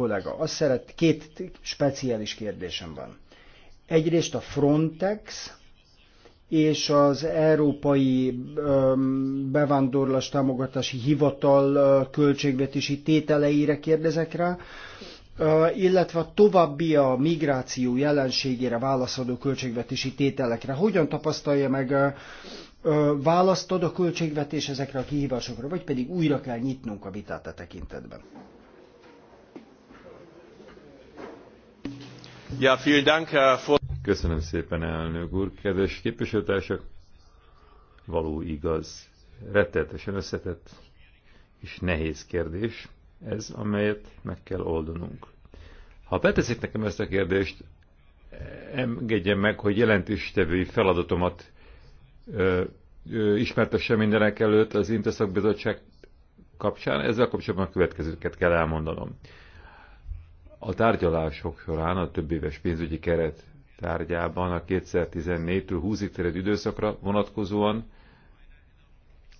kollega, azt szeret, két speciális kérdésem van. Egyrészt a Frontex és az Európai Bevándorlás Támogatási Hivatal költségvetési tételeire kérdezek rá, illetve a további a migráció jelenségére válaszadó költségvetési tételekre. Hogyan tapasztalja meg választod a költségvetés ezekre a kihívásokra, vagy pedig újra kell nyitnunk a vitát a tekintetben? Ja, vielen Dank, Herr Köszönöm szépen, elnök úr. Kedves képviselőtársak, való igaz, rettetesen összetett és nehéz kérdés ez, amelyet meg kell oldanunk. Ha beteszik nekem ezt a kérdést, engedjen meg, hogy jelentéstevői feladatomat ö, ö, ismertessem mindenek előtt az Interszakbizottság kapcsán. Ezzel kapcsolatban a következőket kell elmondanom. A tárgyalások során a több éves pénzügyi keret tárgyában a 2014-től 20-ig terjedő időszakra vonatkozóan,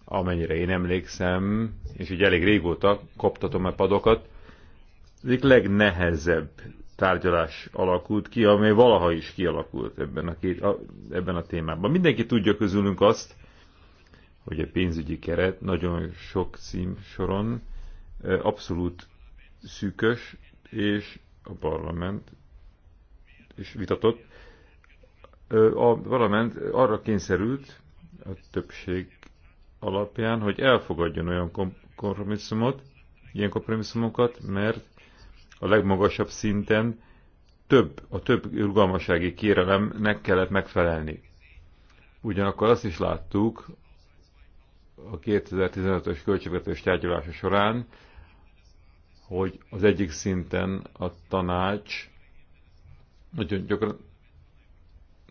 amennyire én emlékszem, és így elég régóta koptatom a padokat, egyik legnehezebb tárgyalás alakult ki, amely valaha is kialakult ebben a, két, a, ebben a témában. Mindenki tudja közülünk azt, hogy a pénzügyi keret nagyon sok szín soron abszolút szűkös, és a parlament is vitatott. A parlament arra kényszerült a többség alapján, hogy elfogadjon olyan kompromisszumot, ilyen kompromisszumokat, mert a legmagasabb szinten több, a több irgalmasági kérelemnek kellett megfelelni. Ugyanakkor azt is láttuk a 2015-ös költségvetés tárgyalása során, hogy az egyik szinten a tanács nagyon gyakran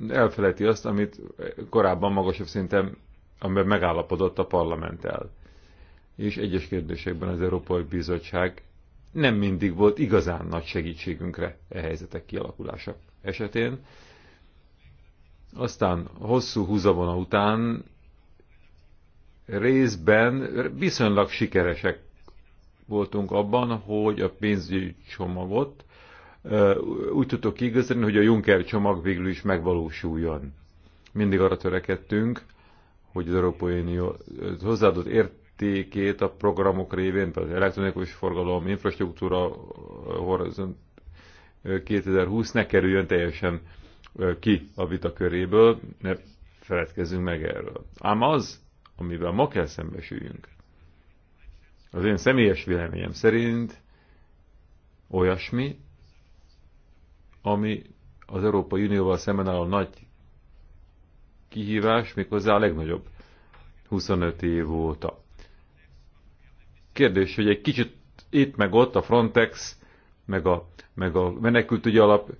elfelejti azt, amit korábban magasabb szinten, amiben megállapodott a parlament el, És egyes kérdésekben az Európai Bizottság nem mindig volt igazán nagy segítségünkre e helyzetek kialakulása esetén. Aztán hosszú húzavona után részben viszonylag sikeresek voltunk abban, hogy a pénzügyi csomagot úgy tudtuk kiigazítani, hogy a Juncker csomag végül is megvalósuljon. Mindig arra törekedtünk, hogy az Európai Unió hozzáadott értékét a programok révén, például elektronikus forgalom, infrastruktúra, horizont 2020 ne kerüljön teljesen ki a vita köréből, ne feledkezzünk meg erről. Ám az, amivel ma kell szembesüljünk, az én személyes véleményem szerint olyasmi, ami az Európai Unióval szemben a nagy kihívás, méghozzá a legnagyobb 25 év óta. Kérdés, hogy egy kicsit itt meg ott a Frontex, meg a, meg a menekültügyi alap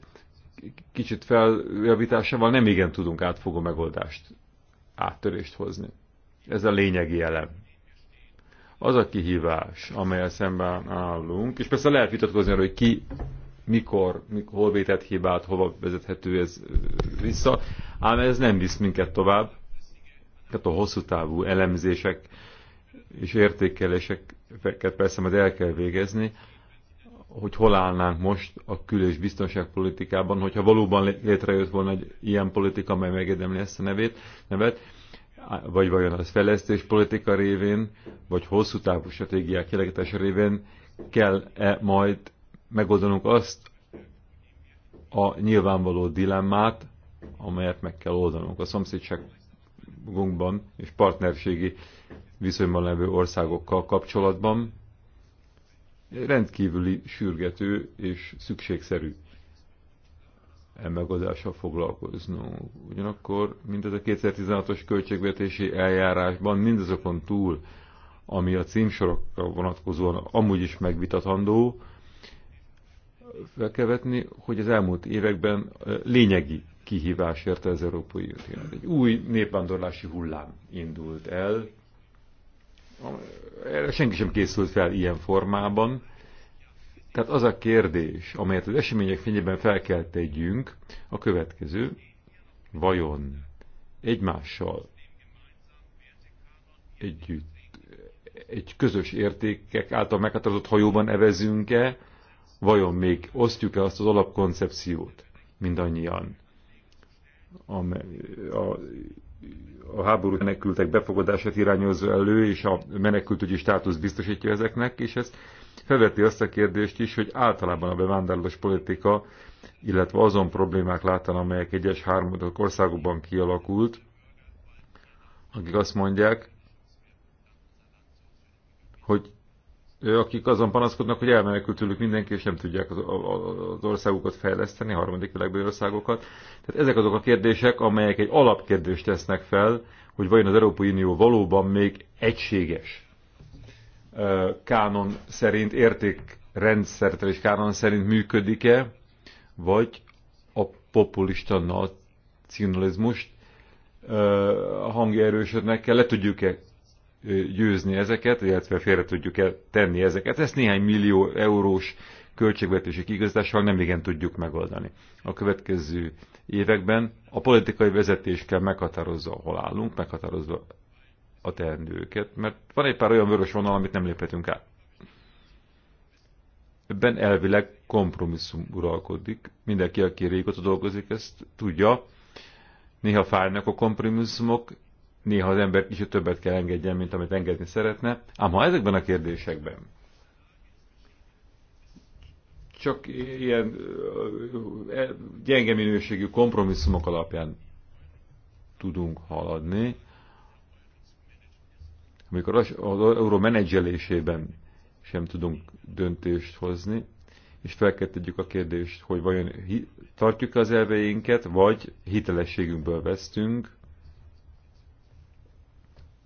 kicsit feljavításával nem igen tudunk átfogó megoldást, áttörést hozni. Ez a lényegi elem az a kihívás, amelyel szemben állunk, és persze lehet vitatkozni arra, hogy ki, mikor, mikor hol vétett hibát, hova vezethető ez vissza, ám ez nem visz minket tovább. Tehát a hosszú távú elemzések és értékeléseket persze majd el kell végezni, hogy hol állnánk most a kül- és biztonságpolitikában, hogyha valóban létrejött volna egy ilyen politika, amely megérdemli ezt a nevét, nevet, vagy vajon az fejlesztés politika révén, vagy hosszú távú stratégiák kielégítése révén kell-e majd megoldanunk azt a nyilvánvaló dilemmát, amelyet meg kell oldanunk a szomszédságunkban és partnerségi viszonyban levő országokkal kapcsolatban, rendkívüli sürgető és szükségszerű e megoldással foglalkoznunk. Ugyanakkor mindez a 2016-os költségvetési eljárásban mindazokon túl, ami a címsorokra vonatkozóan amúgy is megvitatandó, fel kell vetni, hogy az elmúlt években e, lényegi kihívás érte az Európai Uniót. Egy új népvándorlási hullám indult el, erre senki sem készült fel ilyen formában, tehát az a kérdés, amelyet az események fényében fel kell tegyünk, a következő, vajon egymással együtt egy közös értékek által meghatározott hajóban evezünk-e, vajon még osztjuk-e azt az alapkoncepciót mindannyian, amely a, a háború menekültek befogadását irányozza elő, és a menekültügyi státusz biztosítja ezeknek, és ezt felveti azt a kérdést is, hogy általában a bevándorlás politika, illetve azon problémák láttan, amelyek egyes harmadik országokban kialakult, akik azt mondják, hogy akik azon panaszkodnak, hogy elmenekült tőlük mindenki, és nem tudják az, országokat fejleszteni, harmadik világbeli országokat. Tehát ezek azok a kérdések, amelyek egy alapkérdést tesznek fel, hogy vajon az Európai Unió valóban még egységes kánon szerint, értékrendszertől és kánon szerint működik-e, vagy a populista nacionalizmust hangja erősödnek kell, le tudjuk-e győzni ezeket, illetve félre tudjuk-e tenni ezeket. Ezt néhány millió eurós költségvetési kigazdással nem igen tudjuk megoldani. A következő években a politikai vezetés kell meghatározza, hol állunk, meghatározza a teendőket, mert van egy pár olyan vörös vonal, amit nem léphetünk át. Ebben elvileg kompromisszum uralkodik. Mindenki, aki régóta dolgozik, ezt tudja. Néha fájnak a kompromisszumok, néha az ember kicsit többet kell engedjen, mint amit engedni szeretne. Ám ha ezekben a kérdésekben csak ilyen gyenge minőségű kompromisszumok alapján tudunk haladni, amikor az, az euró menedzselésében sem tudunk döntést hozni, és felkettedjük a kérdést, hogy vajon tartjuk az elveinket, vagy hitelességünkből vesztünk,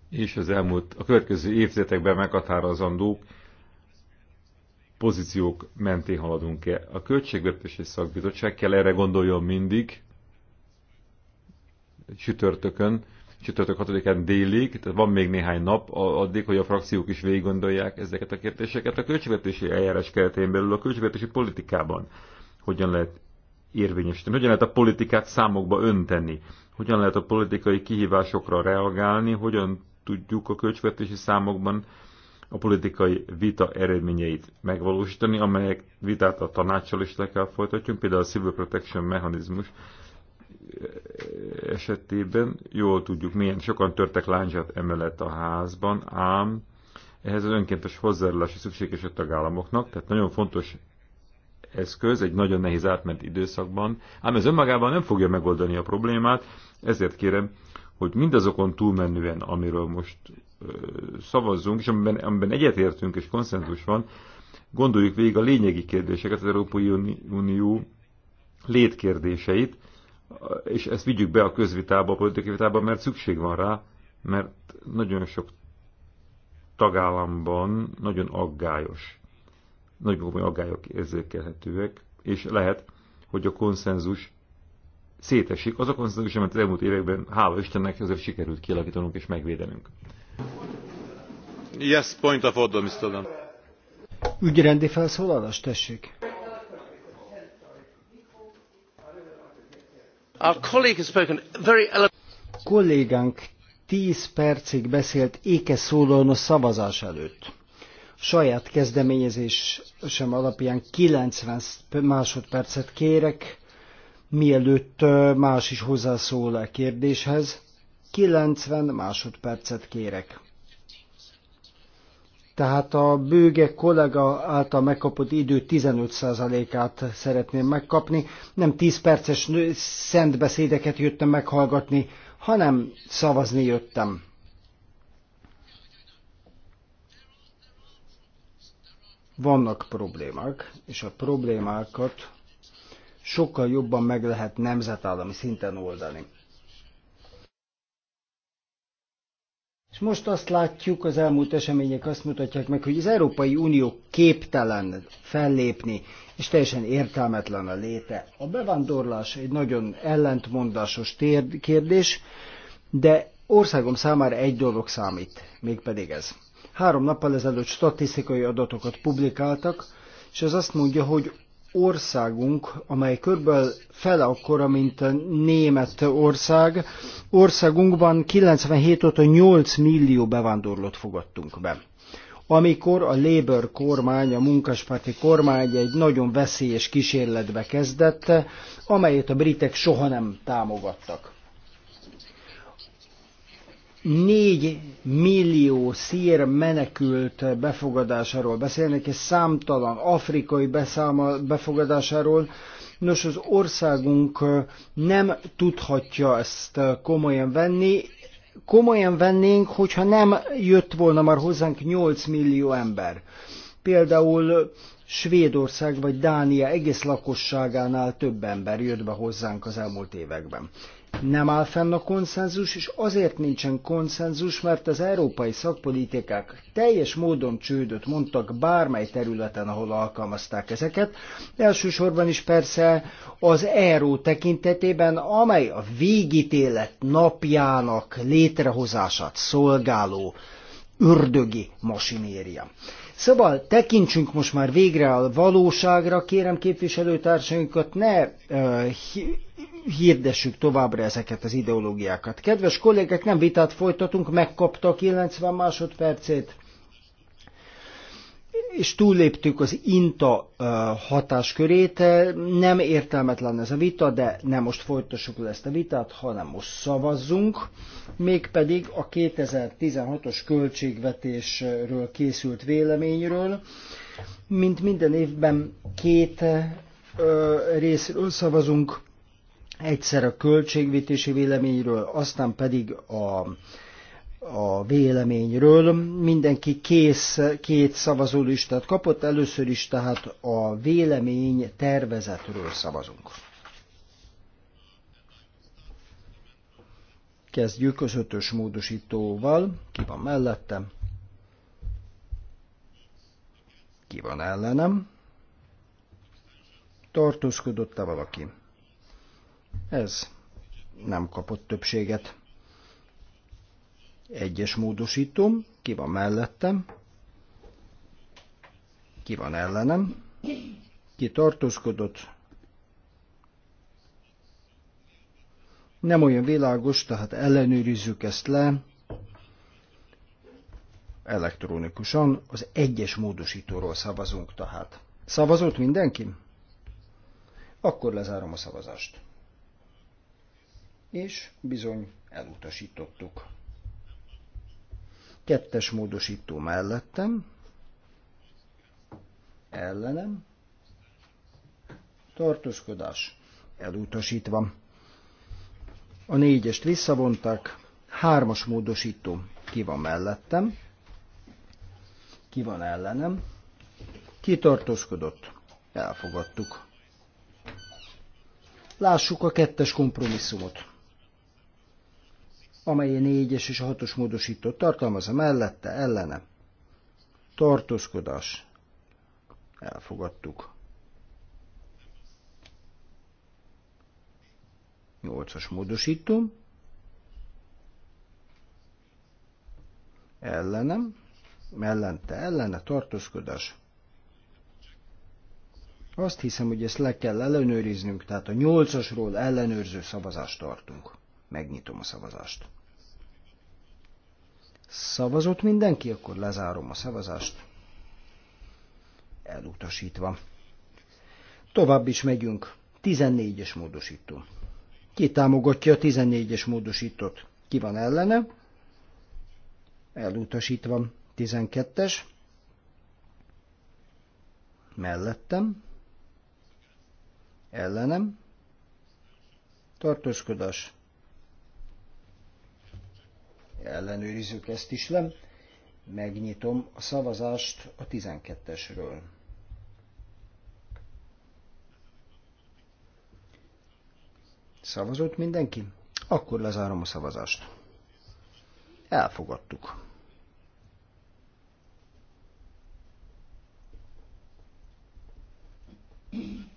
és az elmúlt, a következő évtizedekben meghatározandók pozíciók mentén haladunk-e. A Költségvetési Szakbizottság kell erre gondoljon mindig, csütörtökön csütörtök 6-án délig, tehát van még néhány nap addig, hogy a frakciók is végiggondolják ezeket a kérdéseket. A költségvetési eljárás keretén belül a költségvetési politikában hogyan lehet érvényesíteni, hogyan lehet a politikát számokba önteni, hogyan lehet a politikai kihívásokra reagálni, hogyan tudjuk a költségvetési számokban a politikai vita eredményeit megvalósítani, amelyek vitát a tanácssal is le kell folytatjunk, például a Civil Protection mechanizmus, esetében jól tudjuk, milyen sokan törtek láncsát emelet a házban, ám ehhez az önkéntes hozzájárulási szükséges a tagállamoknak, tehát nagyon fontos eszköz egy nagyon nehéz átment időszakban, ám ez önmagában nem fogja megoldani a problémát, ezért kérem, hogy mindazokon túlmenően, amiről most szavazzunk, és amiben, amiben egyetértünk és konszenzus van, gondoljuk végig a lényegi kérdéseket, az Európai Unió létkérdéseit, és ezt vigyük be a közvitába, a politikai vitába, mert szükség van rá, mert nagyon sok tagállamban nagyon aggályos, nagyon komoly aggályok érzékelhetőek, és lehet, hogy a konszenzus szétesik. Az a konszenzus, amit az elmúlt években, hála Istennek, azért sikerült kialakítanunk és megvédenünk. Yes, point of order, Mr. Ügyrendi felszólalás, tessék. Kollégánk tíz percig beszélt éke szólón a szavazás előtt. saját kezdeményezés sem alapján 90 másodpercet kérek, mielőtt más is hozzászól a kérdéshez. 90 másodpercet kérek. Tehát a bőge kollega által megkapott idő 15%-át szeretném megkapni. Nem 10 perces szent beszédeket jöttem meghallgatni, hanem szavazni jöttem. Vannak problémák, és a problémákat sokkal jobban meg lehet nemzetállami szinten oldani. És most azt látjuk, az elmúlt események azt mutatják meg, hogy az Európai Unió képtelen fellépni, és teljesen értelmetlen a léte. A bevándorlás egy nagyon ellentmondásos térd, kérdés, de országom számára egy dolog számít, mégpedig ez. Három nappal ezelőtt statisztikai adatokat publikáltak, és ez azt mondja, hogy országunk, amely körülbelül fele akkora, mint a német ország, országunkban 97 óta 8 millió bevándorlót fogadtunk be. Amikor a Labour kormány, a munkaspárti kormány egy nagyon veszélyes kísérletbe kezdett, amelyet a britek soha nem támogattak. 4 millió szír menekült befogadásáról beszélnek, és számtalan afrikai beszáma, befogadásáról. Nos, az országunk nem tudhatja ezt komolyan venni. Komolyan vennénk, hogyha nem jött volna már hozzánk 8 millió ember. Például Svédország vagy Dánia egész lakosságánál több ember jött be hozzánk az elmúlt években nem áll fenn a konszenzus, és azért nincsen konszenzus, mert az európai szakpolitikák teljes módon csődöt mondtak bármely területen, ahol alkalmazták ezeket. Elsősorban is persze az ERO tekintetében, amely a végítélet napjának létrehozását szolgáló ördögi masinéria. Szóval tekintsünk most már végre a valóságra, kérem képviselőtársainkat, ne uh, hirdessük továbbra ezeket az ideológiákat. Kedves kollégek, nem vitát folytatunk, megkapta a 90 másodpercét, és túlléptük az INTA hatáskörét. Nem értelmetlen ez a vita, de nem most folytassuk le ezt a vitát, hanem most szavazzunk. Mégpedig a 2016-os költségvetésről készült véleményről. Mint minden évben két részről szavazunk egyszer a költségvetési véleményről, aztán pedig a, a véleményről. Mindenki kész, két szavazólistát kapott, először is tehát a vélemény tervezetről szavazunk. Kezdjük az ötös módosítóval, ki van mellettem, ki van ellenem, tartózkodott-e valaki. Ez nem kapott többséget. Egyes módosítom, ki van mellettem, ki van ellenem, ki tartózkodott. Nem olyan világos, tehát ellenőrizzük ezt le elektronikusan. Az egyes módosítóról szavazunk tehát. Szavazott mindenki? Akkor lezárom a szavazást és bizony elutasítottuk. Kettes módosító mellettem, ellenem, tartózkodás elutasítva. A négyest visszavonták, hármas módosító ki van mellettem, ki van ellenem, kitartózkodott, elfogadtuk. Lássuk a kettes kompromisszumot amely a 4-es és a 6-os módosítót tartalmazza, mellette, ellene. Tartózkodás. Elfogadtuk. 8-as módosító. Ellenem. Mellente, ellene, tartózkodás. Azt hiszem, hogy ezt le kell ellenőriznünk, tehát a 8-asról ellenőrző szavazást tartunk. Megnyitom a szavazást. Szavazott mindenki, akkor lezárom a szavazást. Elutasítva. Tovább is megyünk. 14-es módosító. Ki támogatja a 14-es módosítót? Ki van ellene? Elutasítva. 12-es. Mellettem. Ellenem. Tartózkodás ellenőrizzük ezt is nem? Megnyitom a szavazást a 12-esről. Szavazott mindenki? Akkor lezárom a szavazást. Elfogadtuk. Mm-hmm.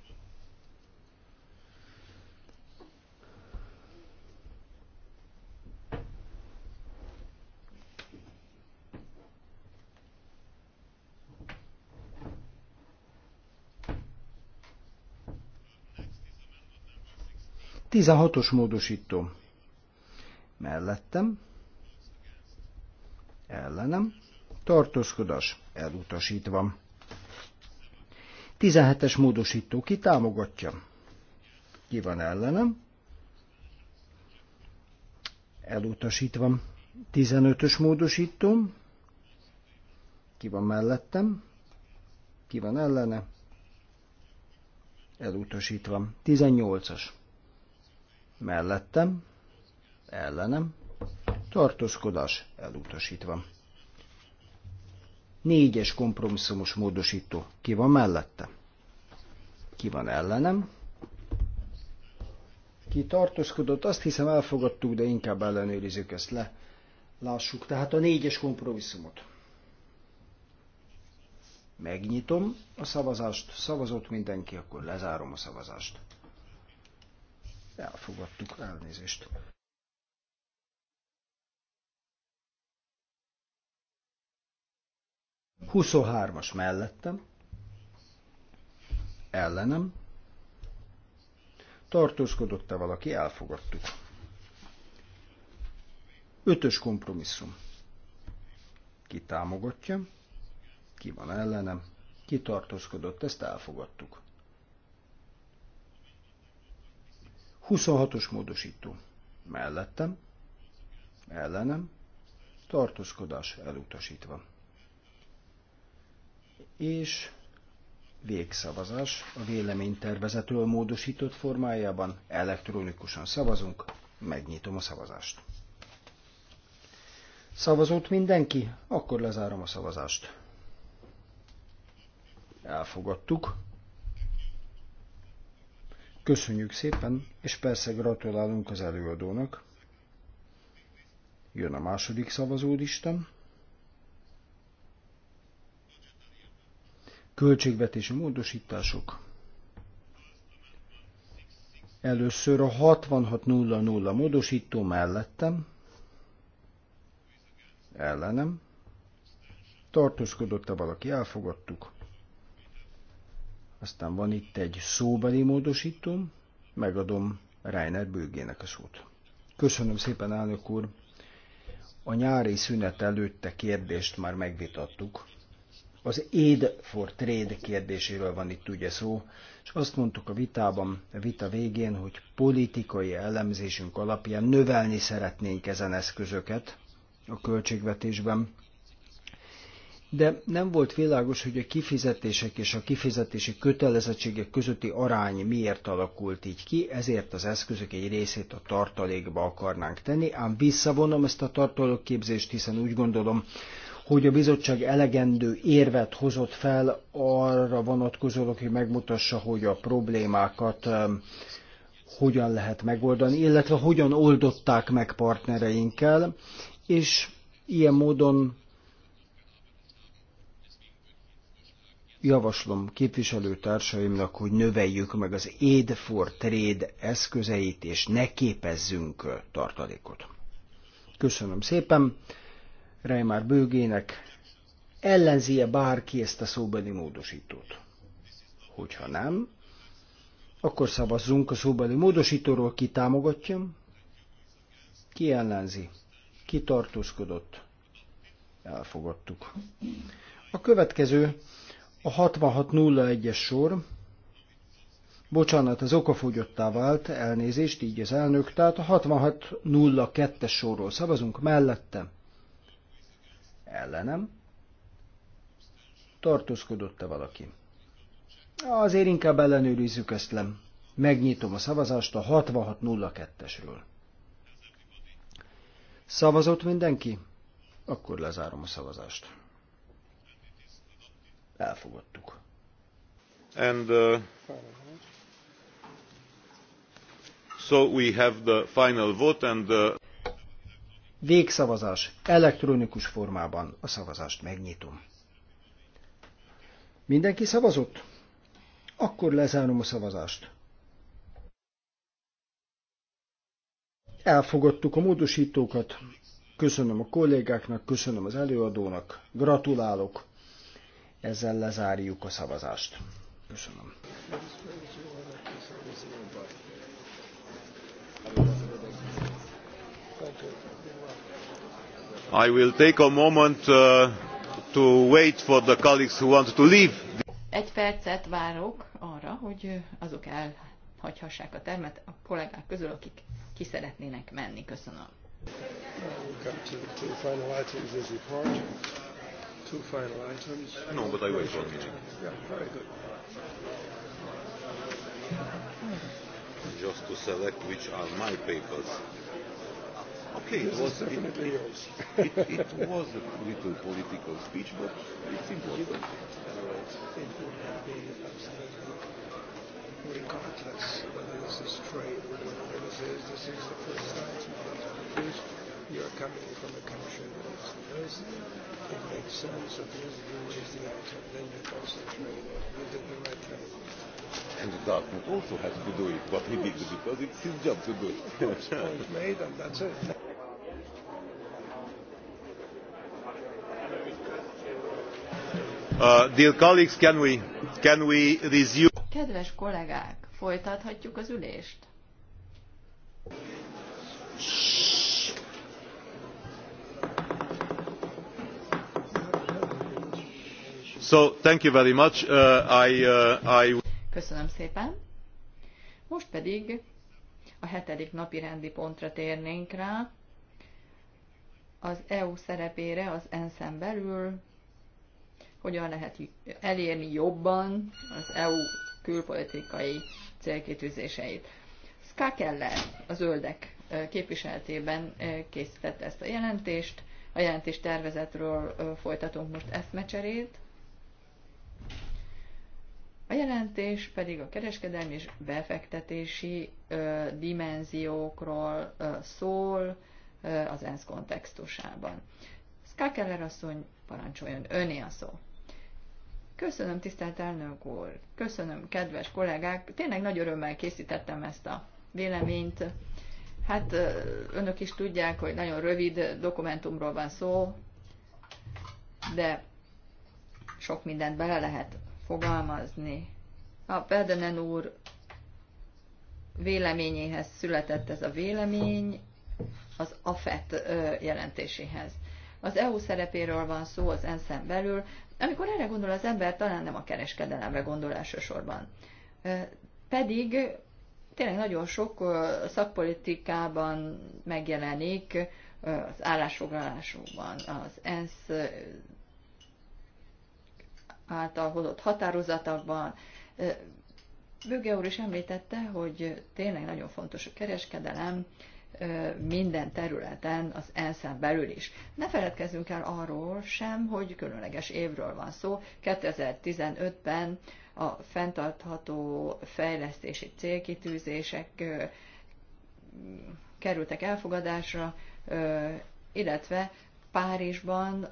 16-os módosító. Mellettem. Ellenem. Tartózkodás elutasítva. 17-es módosító ki támogatja? Ki van ellenem? Elutasítva. 15-ös módosító, Ki van mellettem? Ki van ellene? Elutasítva. 18-as mellettem, ellenem, tartózkodás elutasítva. Négyes kompromisszumos módosító. Ki van mellette? Ki van ellenem? Ki tartózkodott? Azt hiszem elfogadtuk, de inkább ellenőrizzük ezt le. Lássuk tehát a négyes kompromisszumot. Megnyitom a szavazást, szavazott mindenki, akkor lezárom a szavazást. Elfogadtuk, elnézést. Huszonhármas mellettem, ellenem, tartózkodott-e valaki, elfogadtuk. Ötös kompromisszum. Ki támogatja, ki van ellenem, ki tartózkodott, ezt elfogadtuk. 26-os módosító. Mellettem, ellenem, tartózkodás elutasítva. És végszavazás a véleménytervezetről módosított formájában elektronikusan szavazunk, megnyitom a szavazást. Szavazott mindenki? Akkor lezárom a szavazást. Elfogadtuk. Köszönjük szépen, és persze gratulálunk az előadónak. Jön a második szavazódista. Költségvetési módosítások. Először a 6600 módosító mellettem, ellenem, tartózkodott-e valaki, elfogadtuk. Aztán van itt egy szóbeli módosítom, megadom Reiner Bőgének a szót. Köszönöm szépen, elnök úr! A nyári szünet előtte kérdést már megvitattuk. Az aid for trade kérdéséről van itt ugye szó, és azt mondtuk a vitában, a vita végén, hogy politikai elemzésünk alapján növelni szeretnénk ezen eszközöket a költségvetésben, de nem volt világos, hogy a kifizetések és a kifizetési kötelezettségek közötti arány miért alakult így ki, ezért az eszközök egy részét a tartalékba akarnánk tenni, ám visszavonom ezt a tartalékképzést, hiszen úgy gondolom, hogy a bizottság elegendő érvet hozott fel arra vonatkozólag, hogy megmutassa, hogy a problémákat um, hogyan lehet megoldani, illetve hogyan oldották meg partnereinkkel, és ilyen módon javaslom képviselőtársaimnak, hogy növeljük meg az Aid for Trade eszközeit, és ne képezzünk tartalékot. Köszönöm szépen Reimár Bőgének. Ellenzie bárki ezt a szóbeli módosítót? Hogyha nem, akkor szavazzunk a szóbeli módosítóról, ki támogatja, ki ellenzi, ki tartózkodott. Elfogadtuk. A következő a 6601-es sor, bocsánat, az okafogyottá vált, elnézést, így az elnök, tehát a 6602-es sorról szavazunk, mellette, ellenem, tartózkodott-e valaki. Azért inkább ellenőrizzük ezt le. Megnyitom a szavazást a 6602-esről. Szavazott mindenki? Akkor lezárom a szavazást elfogadtuk. And uh, so we have the final vote and the... Uh, Végszavazás elektronikus formában a szavazást megnyitom. Mindenki szavazott? Akkor lezárom a szavazást. Elfogadtuk a módosítókat. Köszönöm a kollégáknak, köszönöm az előadónak, gratulálok ezzel lezárjuk a szavazást. Köszönöm. I will take a moment uh, to wait for the colleagues who want to leave. Egy percet várok arra, hogy uh, azok elhagyhassák a termet a kollégák közül, akik ki szeretnének menni. Köszönöm two final items. No, but I wait for the meeting. Yeah, very good. Just to select which are my papers. Okay, it was, it, yours. it, it was a little political speech, but it's important. It would regardless whether this is trade or whether this is, this is the first item you're coming from a country where it's diverse, it makes sense of you to raise the outcome, then you concentrate. it. You did the right thing. And Dartmouth also has to do it, but he did, it because it's his job to do it. Point made, and that's it. Uh, dear colleagues, can we, can we resume? Kedves kollégák, folytathatjuk az ülést? Uh, uh, Köszönöm szépen. Most pedig a hetedik napi rendi pontra térnénk rá, az EU szerepére az ENSZ-en belül, hogyan lehet elérni jobban az EU külpolitikai célkitűzéseit. Ska Keller, a zöldek képviseletében készítette ezt a jelentést. A jelentés tervezetről folytatunk most eszmecserét. A jelentés pedig a kereskedelmi és befektetési ö, dimenziókról ö, szól ö, az ENSZ kontextusában. Skakeller asszony, parancsoljon, öné a szó. Köszönöm, tisztelt elnök úr, köszönöm, kedves kollégák, tényleg nagy örömmel készítettem ezt a véleményt. Hát önök is tudják, hogy nagyon rövid dokumentumról van szó, de sok mindent bele lehet fogalmazni. A Pedenen úr véleményéhez született ez a vélemény, az AFET jelentéséhez. Az EU szerepéről van szó az ensz belül. Amikor erre gondol az ember, talán nem a kereskedelemre gondol elsősorban. Pedig tényleg nagyon sok szakpolitikában megjelenik az állásfoglalásokban, az ENSZ által hozott határozatokban. Böge úr is említette, hogy tényleg nagyon fontos a kereskedelem minden területen, az elszám belül is. Ne feledkezzünk el arról sem, hogy különleges évről van szó. 2015-ben a fenntartható fejlesztési célkitűzések kerültek elfogadásra, illetve Párizsban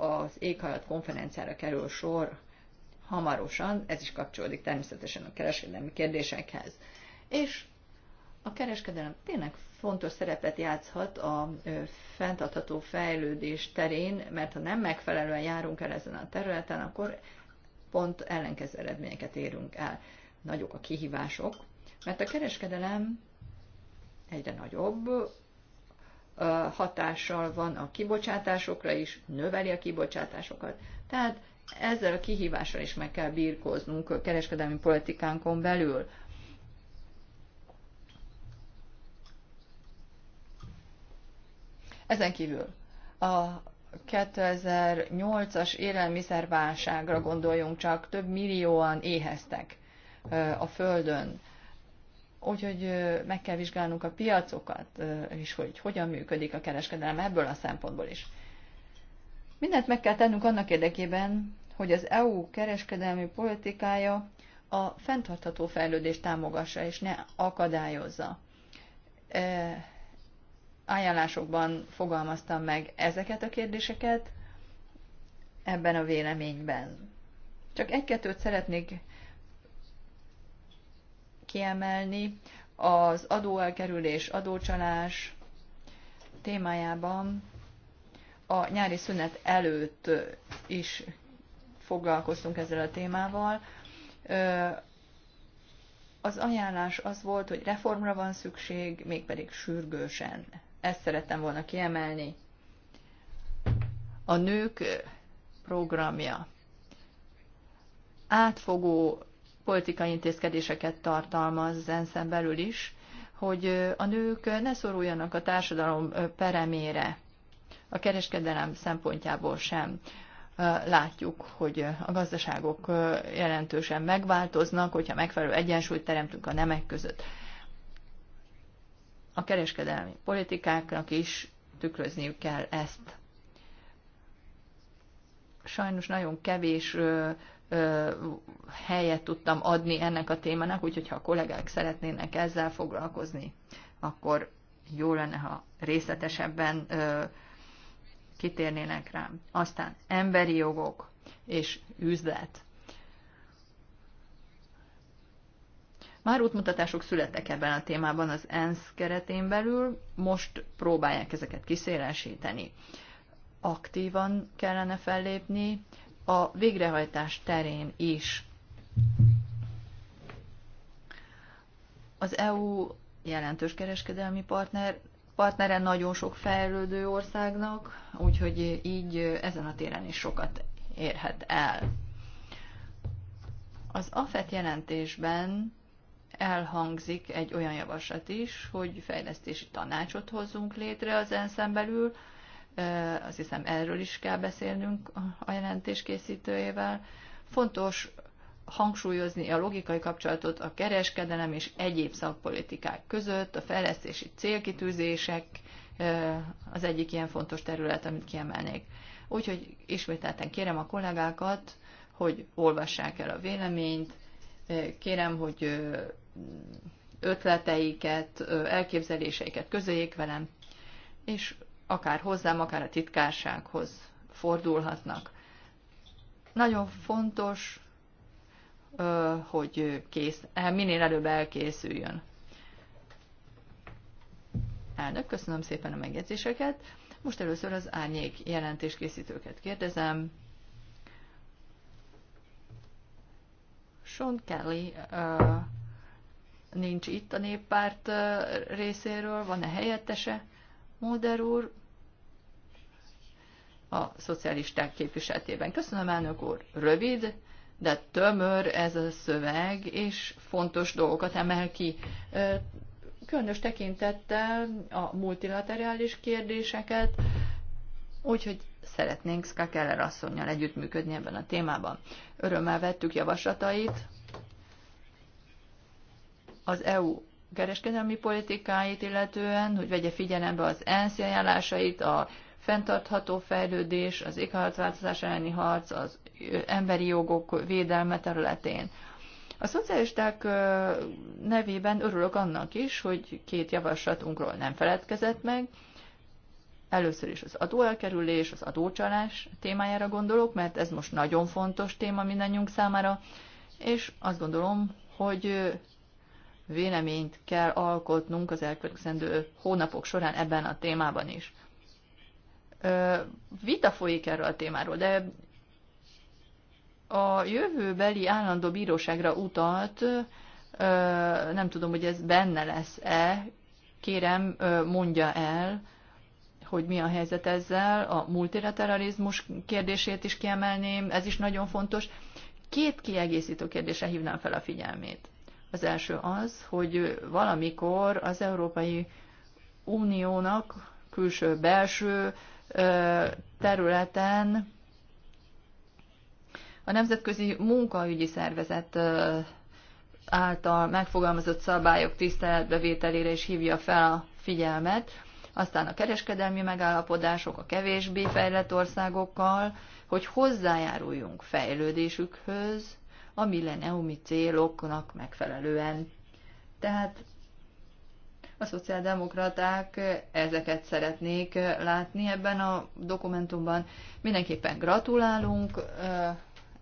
az éghajlat konferenciára kerül sor hamarosan, ez is kapcsolódik természetesen a kereskedelmi kérdésekhez. És a kereskedelem tényleg fontos szerepet játszhat a fenntartható fejlődés terén, mert ha nem megfelelően járunk el ezen a területen, akkor pont ellenkező eredményeket érünk el. Nagyok a kihívások, mert a kereskedelem egyre nagyobb, hatással van a kibocsátásokra is, növeli a kibocsátásokat. Tehát ezzel a kihívással is meg kell birkóznunk a kereskedelmi politikánkon belül. Ezen kívül a 2008-as élelmiszerválságra gondoljunk csak, több millióan éheztek a Földön. Úgyhogy meg kell vizsgálnunk a piacokat, és hogy hogyan működik a kereskedelem ebből a szempontból is. Mindent meg kell tennünk annak érdekében, hogy az EU kereskedelmi politikája a fenntartható fejlődést támogassa és ne akadályozza. E, ajánlásokban fogalmaztam meg ezeket a kérdéseket ebben a véleményben. Csak egy-kettőt szeretnék kiemelni az adóelkerülés, adócsalás témájában a nyári szünet előtt is foglalkoztunk ezzel a témával. Az ajánlás az volt, hogy reformra van szükség, mégpedig sürgősen. Ezt szerettem volna kiemelni. A nők programja átfogó politikai intézkedéseket tartalmaz zenszen belül is, hogy a nők ne szoruljanak a társadalom peremére, a kereskedelem szempontjából sem. Látjuk, hogy a gazdaságok jelentősen megváltoznak, hogyha megfelelő egyensúlyt teremtünk a nemek között. A kereskedelmi politikáknak is tükrözniük kell ezt. Sajnos nagyon kevés helyet tudtam adni ennek a témának, úgyhogy ha a kollégák szeretnének ezzel foglalkozni, akkor jó lenne, ha részletesebben ö, kitérnének rám. Aztán emberi jogok és üzlet. Már útmutatások születtek ebben a témában az ENSZ keretén belül, most próbálják ezeket kiszélesíteni. Aktívan kellene fellépni, a végrehajtás terén is. Az EU jelentős kereskedelmi partner, partnere nagyon sok fejlődő országnak, úgyhogy így ezen a téren is sokat érhet el. Az AFET jelentésben elhangzik egy olyan javaslat is, hogy fejlesztési tanácsot hozzunk létre az ensz belül, azt hiszem erről is kell beszélnünk a jelentés készítőjével. Fontos hangsúlyozni a logikai kapcsolatot a kereskedelem és egyéb szakpolitikák között, a fejlesztési célkitűzések az egyik ilyen fontos terület, amit kiemelnék. Úgyhogy ismételten kérem a kollégákat, hogy olvassák el a véleményt, kérem, hogy ötleteiket, elképzeléseiket közöljék velem, és akár hozzám, akár a titkársághoz fordulhatnak. Nagyon fontos, hogy kész, eh, minél előbb elkészüljön. Elnök, köszönöm szépen a megjegyzéseket. Most először az árnyék jelentéskészítőket kérdezem. Sean Kelly uh, nincs itt a néppárt uh, részéről, van-e helyettese? Móder úr, a szocialisták képviseletében. Köszönöm, elnök úr. Rövid, de tömör ez a szöveg, és fontos dolgokat emel ki. Különös tekintettel a multilaterális kérdéseket, úgyhogy szeretnénk Ska Keller asszonynal együttműködni ebben a témában. Örömmel vettük javaslatait, az EU kereskedelmi politikáit illetően, hogy vegye figyelembe az ENSZ ajánlásait, a fenntartható fejlődés, az éghajlatváltozás elleni harc, az emberi jogok védelme területén. A szocialisták nevében örülök annak is, hogy két javaslatunkról nem feledkezett meg. Először is az adóelkerülés, az adócsalás témájára gondolok, mert ez most nagyon fontos téma mindannyiunk számára, és azt gondolom, hogy véleményt kell alkotnunk az elkövetkezendő hónapok során ebben a témában is vita folyik erről a témáról, de a jövőbeli állandó bíróságra utalt, nem tudom, hogy ez benne lesz-e, kérem mondja el, hogy mi a helyzet ezzel, a multilateralizmus kérdését is kiemelném, ez is nagyon fontos. Két kiegészítő kérdésre hívnám fel a figyelmét. Az első az, hogy valamikor az Európai Uniónak külső-belső területen a Nemzetközi Munkaügyi Szervezet által megfogalmazott szabályok tiszteletbevételére is hívja fel a figyelmet, aztán a kereskedelmi megállapodások a kevésbé fejlett országokkal, hogy hozzájáruljunk fejlődésükhöz a milleniumi céloknak megfelelően. Tehát a szociáldemokraták ezeket szeretnék látni ebben a dokumentumban. Mindenképpen gratulálunk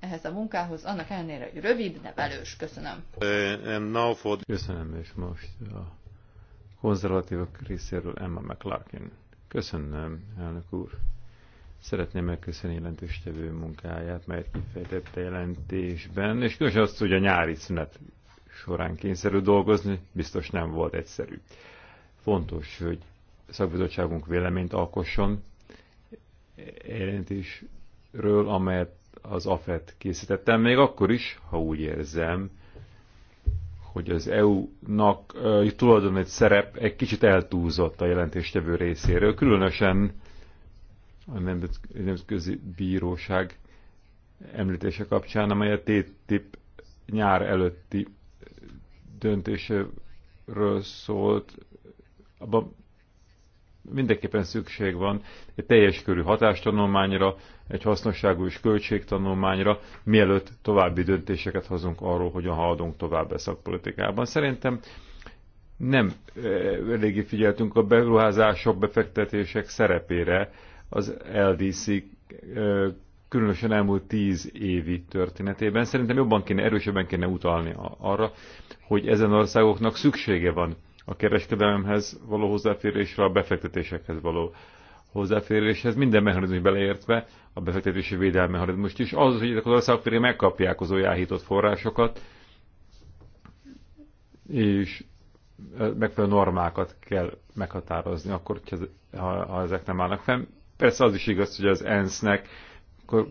ehhez a munkához, annak ellenére, hogy rövid, de velős. Köszönöm. Köszönöm, és most a konzervatívok részéről Emma McLarkin. Köszönöm, elnök úr. Szeretném megköszönni tevő munkáját, mert kifejtette jelentésben, és különösen azt, hogy a nyári szünet során kényszerül dolgozni, biztos nem volt egyszerű. Fontos, hogy szakbizottságunk véleményt alkosson jelentésről, amelyet az AFET készítettem, még akkor is, ha úgy érzem, hogy az EU-nak uh, tulajdon egy szerep egy kicsit eltúlzott a jelentéstevő részéről, különösen a Nemzetközi Bíróság említése kapcsán, amely a TTIP nyár előtti döntéséről szólt, abban mindenképpen szükség van egy teljes körű hatástanulmányra, egy hasznosságú és költségtanulmányra, mielőtt további döntéseket hozunk arról, hogyan haladunk tovább a e szakpolitikában. Szerintem nem e, eléggé figyeltünk a beruházások, befektetések szerepére az LDC e, különösen elmúlt tíz évi történetében. Szerintem jobban kéne, erősebben kéne utalni arra, hogy ezen országoknak szüksége van a kereskedelemhez való hozzáférésre, a befektetésekhez való hozzáféréshez, minden mechanizmus beleértve, a befektetési védelmi mechanizmust is, az, hogy ezek az országok pedig megkapják az olyáhított forrásokat, és megfelelő normákat kell meghatározni, akkor, ha, ha ezek nem állnak fenn. Persze az is igaz, hogy az ENSZ-nek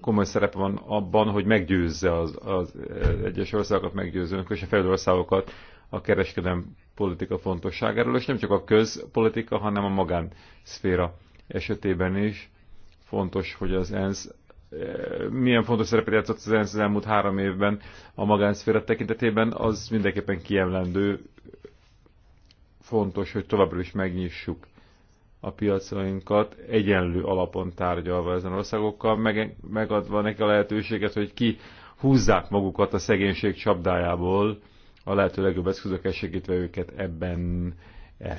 komoly szerepe van abban, hogy meggyőzze az, az eh, egyes országokat, meggyőzze és a fejlődő országokat a kereskedelem politika fontosságáról, és nem csak a közpolitika, hanem a magánszféra esetében is fontos, hogy az ENSZ eh, milyen fontos szerepet játszott az ENSZ az elmúlt három évben a magánszféra tekintetében, az mindenképpen kiemlendő, fontos, hogy továbbra is megnyissuk a piacainkat egyenlő alapon tárgyalva ezen országokkal, meg, megadva neki a lehetőséget, hogy ki húzzák magukat a szegénység csapdájából, a lehető legjobb eszközökkel segítve őket ebben. E,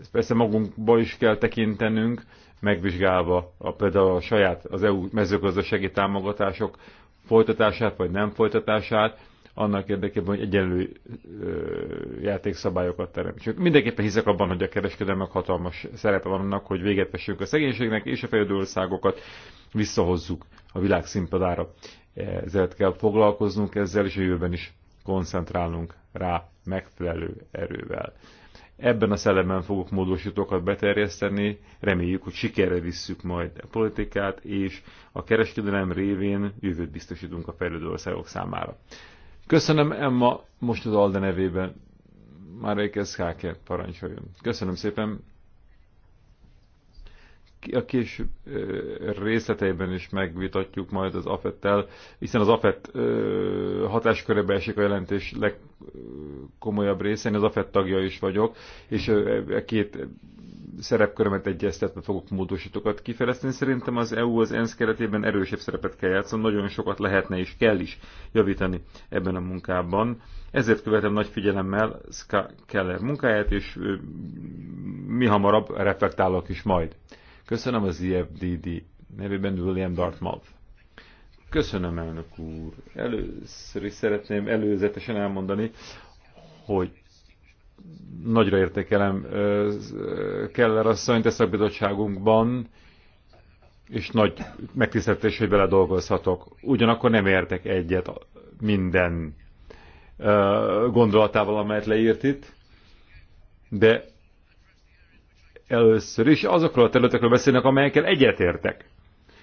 ezt persze magunkba is kell tekintenünk, megvizsgálva a, például a saját az EU mezőgazdasági támogatások folytatását vagy nem folytatását, annak érdekében, hogy egyenlő játékszabályokat teremtsünk. Mindenképpen hiszek abban, hogy a kereskedelmek hatalmas szerepe van annak, hogy véget vessünk a szegénységnek, és a fejlődő országokat visszahozzuk a világ színpadára. Ezért kell foglalkoznunk, ezzel és a jövőben is koncentrálnunk rá megfelelő erővel. Ebben a szellemben fogok módosítókat beterjeszteni, reméljük, hogy sikerre visszük majd a politikát, és a kereskedelem révén jövőt biztosítunk a fejlődő országok számára. Köszönöm, Emma, most az Alde nevében. Már ékez Háke, parancsoljon. Köszönöm szépen. A kés részleteiben is megvitatjuk majd az AFET-tel, hiszen az AFET hatáskörébe esik a jelentés legkomolyabb része. Én az AFET tagja is vagyok, és a e két szerepkörömet egyeztetve fogok módosítókat kifejleszteni. Szerintem az EU az ENSZ keretében erősebb szerepet kell játszani, nagyon sokat lehetne és kell is javítani ebben a munkában. Ezért követem nagy figyelemmel Ska Keller munkáját, és mi hamarabb reflektálok is majd. Köszönöm az IFDD nevében William Dartmouth. Köszönöm, elnök úr. Először is szeretném előzetesen elmondani, hogy nagyra értékelem Keller asszonyt a szakbizottságunkban, és nagy megtiszteltetés, hogy vele dolgozhatok. Ugyanakkor nem értek egyet minden gondolatával, amelyet leírt itt, de először is azokról a területekről beszélnek, amelyekkel egyetértek.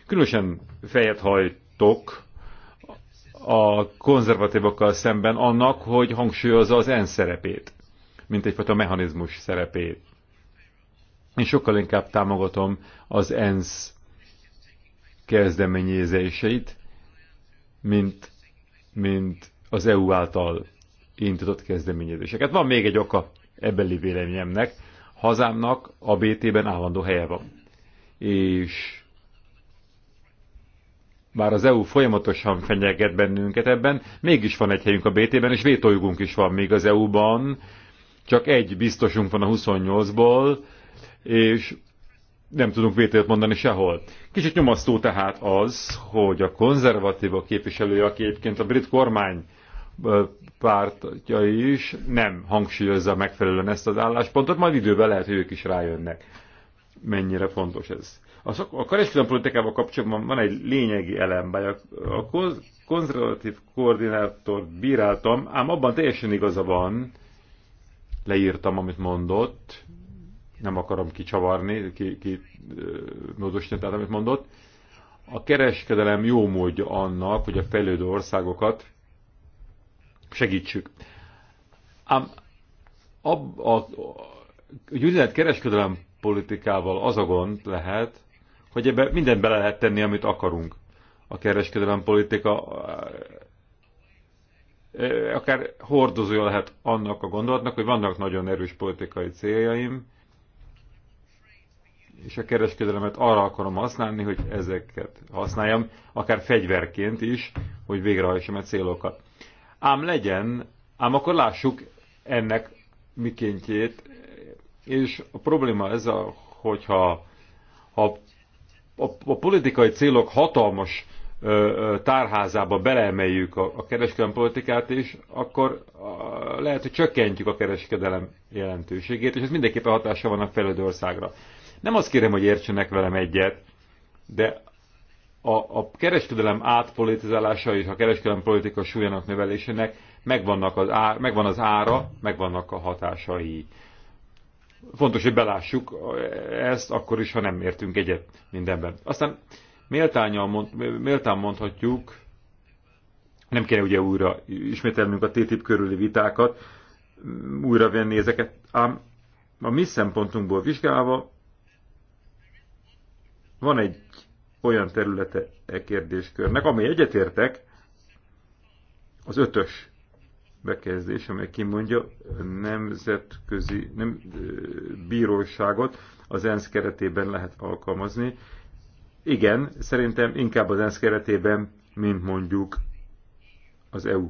Különösen fejet hajtok a konzervatívokkal szemben annak, hogy hangsúlyozza az ENSZ szerepét mint egyfajta mechanizmus szerepét. Én sokkal inkább támogatom az ENSZ kezdeményezéseit, mint, mint az EU által indított kezdeményezéseket. Van még egy oka ebbeli véleményemnek. Hazámnak a BT-ben állandó helye van. És bár az EU folyamatosan fenyeget bennünket ebben, mégis van egy helyünk a BT-ben, és vétójogunk is van még az EU-ban, csak egy biztosunk van a 28-ból, és nem tudunk vételt mondani sehol. Kicsit nyomasztó tehát az, hogy a konzervatívok képviselője, aki egyébként a brit kormány pártja is nem hangsúlyozza megfelelően ezt az álláspontot, majd idővel lehet, hogy ők is rájönnek, mennyire fontos ez. A, a kereskedelmi politikával kapcsolatban van egy lényegi elem, a konzervatív koordinátort bíráltam, ám abban teljesen igaza van, leírtam, amit mondott, nem akarom kicsavarni, ki, ki módosítani, tehát amit mondott. A kereskedelem jó módja annak, hogy a fejlődő országokat segítsük. Ám ab, a, a, a, a kereskedelem politikával az a gond lehet, hogy ebbe mindent bele lehet tenni, amit akarunk. A kereskedelem politika akár hordozója lehet annak a gondolatnak, hogy vannak nagyon erős politikai céljaim, és a kereskedelemet arra akarom használni, hogy ezeket használjam, akár fegyverként is, hogy végrehajtsam a célokat. Ám legyen, ám akkor lássuk ennek mikéntjét, és a probléma ez, a, hogyha ha a, a politikai célok hatalmas tárházába beleemeljük a kereskedelmi politikát is, akkor lehet, hogy csökkentjük a kereskedelem jelentőségét, és ez mindenképpen hatása van a fejlődő országra. Nem azt kérem, hogy értsenek velem egyet, de a, a kereskedelem átpolitizálása és a kereskedelem politika súlyának növelésének megvannak az ára, megvan az ára, megvannak a hatásai. Fontos, hogy belássuk ezt, akkor is, ha nem értünk egyet mindenben. Aztán Méltányan, méltán mondhatjuk, nem kéne ugye újra ismételnünk a TTIP körüli vitákat, újra venni ezeket, ám a mi szempontunkból vizsgálva van egy olyan területe e kérdéskörnek, amely egyetértek, az ötös bekezdés, amely kimondja nemzetközi nem, bíróságot az ENSZ keretében lehet alkalmazni, igen, szerintem inkább az ENSZ keretében, mint mondjuk az EU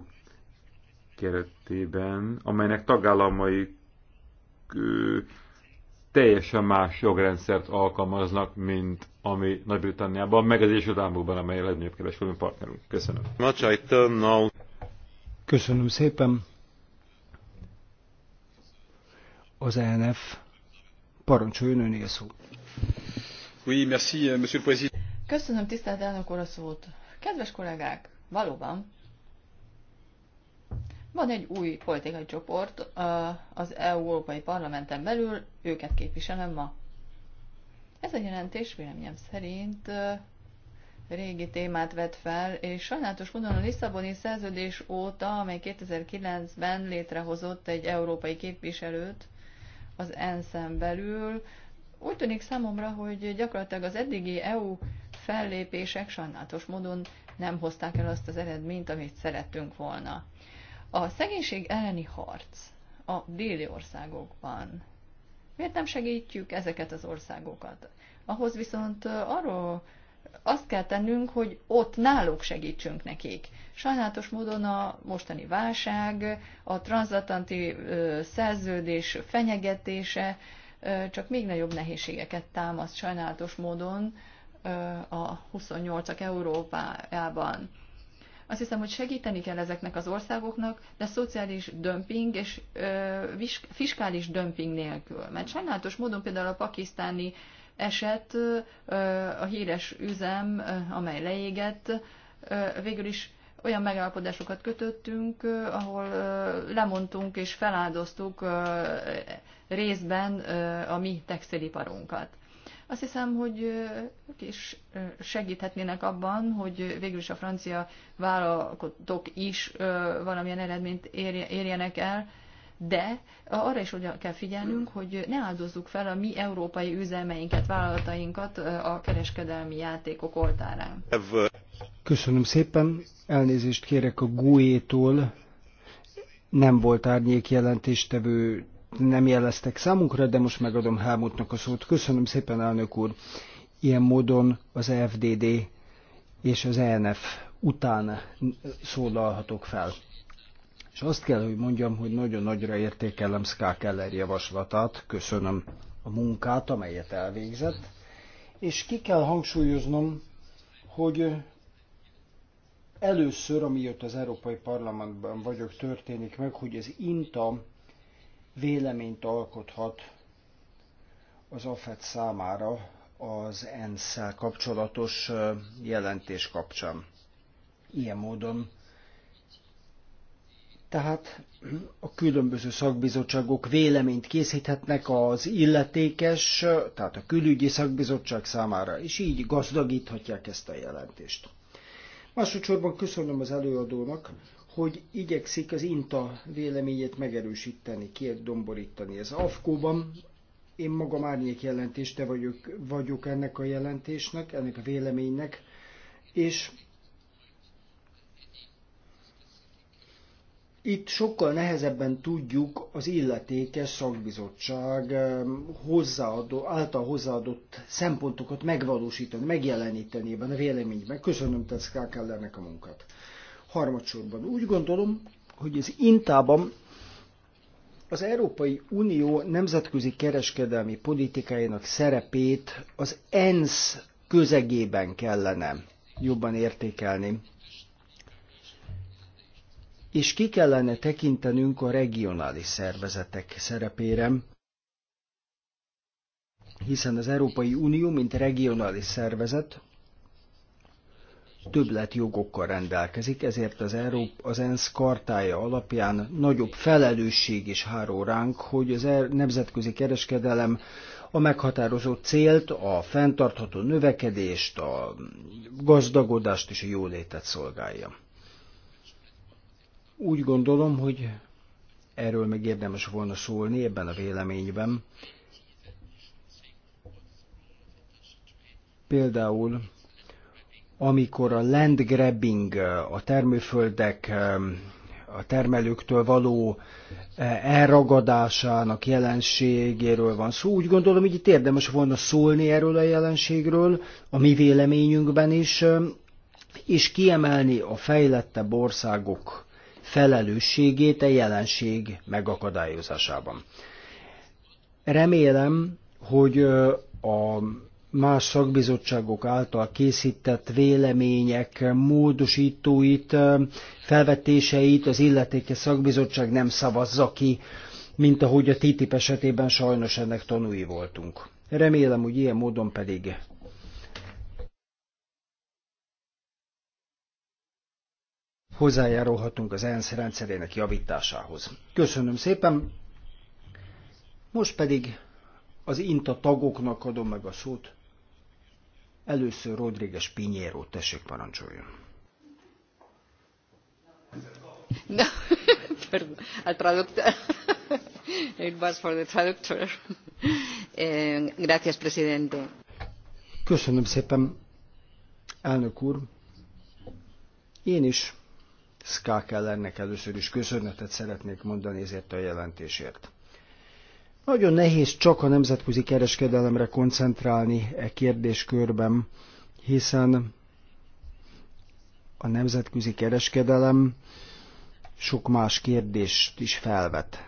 keretében, amelynek tagállamai ö, teljesen más jogrendszert alkalmaznak, mint ami Nagy-Britanniában, meg az Egyesült Államokban, amely a legnagyobb kereskedelmi partnerünk. Köszönöm. Köszönöm szépen. Az ENF parancsoljon önél szót. Oui, merci, euh, monsieur le président. Köszönöm, tisztelt elnök úr, a szót. Kedves kollégák, valóban van egy új politikai csoport uh, az Európai Parlamenten belül, őket képviselem ma. Ez a jelentés véleményem szerint uh, régi témát vet fel, és sajnálatos módon a Lisszaboni szerződés óta, amely 2009-ben létrehozott egy európai képviselőt az ensz belül, úgy tűnik számomra, hogy gyakorlatilag az eddigi EU fellépések sajnálatos módon nem hozták el azt az eredményt, amit szerettünk volna. A szegénység elleni harc a déli országokban. Miért nem segítjük ezeket az országokat? Ahhoz viszont arról azt kell tennünk, hogy ott náluk segítsünk nekik. Sajnálatos módon a mostani válság, a transatlanti szerződés fenyegetése, csak még nagyobb nehézségeket támaszt sajnálatos módon a 28-ak Európában. Azt hiszem, hogy segíteni kell ezeknek az országoknak, de szociális dömping és ö, fiskális dömping nélkül. Mert sajnálatos módon például a pakisztáni eset, ö, a híres üzem, ö, amely leégett, ö, végül is olyan megállapodásokat kötöttünk, ahol lemondtunk és feláldoztuk részben a mi textiliparunkat. Azt hiszem, hogy ők is segíthetnének abban, hogy végül is a francia vállalkotók is valamilyen eredményt érjenek el, de arra is oda kell figyelnünk, hogy ne áldozzuk fel a mi európai üzemeinket, vállalatainkat a kereskedelmi játékok oltárán. Köszönöm szépen, elnézést kérek a GUE-tól, nem volt árnyék jelentéstevő, nem jeleztek számunkra, de most megadom Hámutnak a szót. Köszönöm szépen, elnök úr. Ilyen módon az FDD és az ENF után szólalhatok fel. És azt kell, hogy mondjam, hogy nagyon nagyra értékelem Ská Keller javaslatát, köszönöm a munkát, amelyet elvégzett, és ki kell hangsúlyoznom, hogy először, amióta az Európai Parlamentben vagyok, történik meg, hogy az INTA véleményt alkothat az AFET számára az ensz kapcsolatos jelentés kapcsán. Ilyen módon tehát a különböző szakbizottságok véleményt készíthetnek az illetékes, tehát a külügyi szakbizottság számára, és így gazdagíthatják ezt a jelentést. Másodszorban köszönöm az előadónak, hogy igyekszik az INTA véleményét megerősíteni, kiért domborítani. Ez AFKO-ban én magam árnyék jelentéste vagyok, vagyok ennek a jelentésnek, ennek a véleménynek, és Itt sokkal nehezebben tudjuk az illetékes szakbizottság hozzáadó, által hozzáadott szempontokat megvalósítani, megjeleníteni ebben a véleményben. Köszönöm Tetszkál Kellernek a munkát. Harmadsorban úgy gondolom, hogy az Intában az Európai Unió nemzetközi kereskedelmi politikájának szerepét az ENSZ közegében kellene jobban értékelni és ki kellene tekintenünk a regionális szervezetek szerepére, hiszen az Európai Unió, mint regionális szervezet, többletjogokkal rendelkezik, ezért az, Európa, az ENSZ kartája alapján nagyobb felelősség is háró ránk, hogy az er, nemzetközi kereskedelem a meghatározó célt, a fenntartható növekedést, a gazdagodást és a jólétet szolgálja. Úgy gondolom, hogy erről meg érdemes volna szólni ebben a véleményben. Például, amikor a land grabbing, a termőföldek a termelőktől való elragadásának jelenségéről van szó. Úgy gondolom, hogy itt érdemes volna szólni erről a jelenségről, a mi véleményünkben is, és kiemelni a fejlettebb országok felelősségét a jelenség megakadályozásában. Remélem, hogy a más szakbizottságok által készített vélemények módosítóit, felvetéseit az illetékes szakbizottság nem szavazza ki, mint ahogy a TTIP esetében sajnos ennek tanúi voltunk. Remélem, hogy ilyen módon pedig hozzájárulhatunk az ENSZ rendszerének javításához. Köszönöm szépen! Most pedig az INTA tagoknak adom meg a szót. Először Rodríguez Pinheiro, tessék parancsoljon. No, perdón, al traductor. It was for the traductor. Eh, gracias, presidente. Köszönöm szépen, elnök úr. Én is Ska Kellernek először is köszönetet szeretnék mondani ezért a jelentésért. Nagyon nehéz csak a nemzetközi kereskedelemre koncentrálni e kérdéskörben, hiszen a nemzetközi kereskedelem sok más kérdést is felvet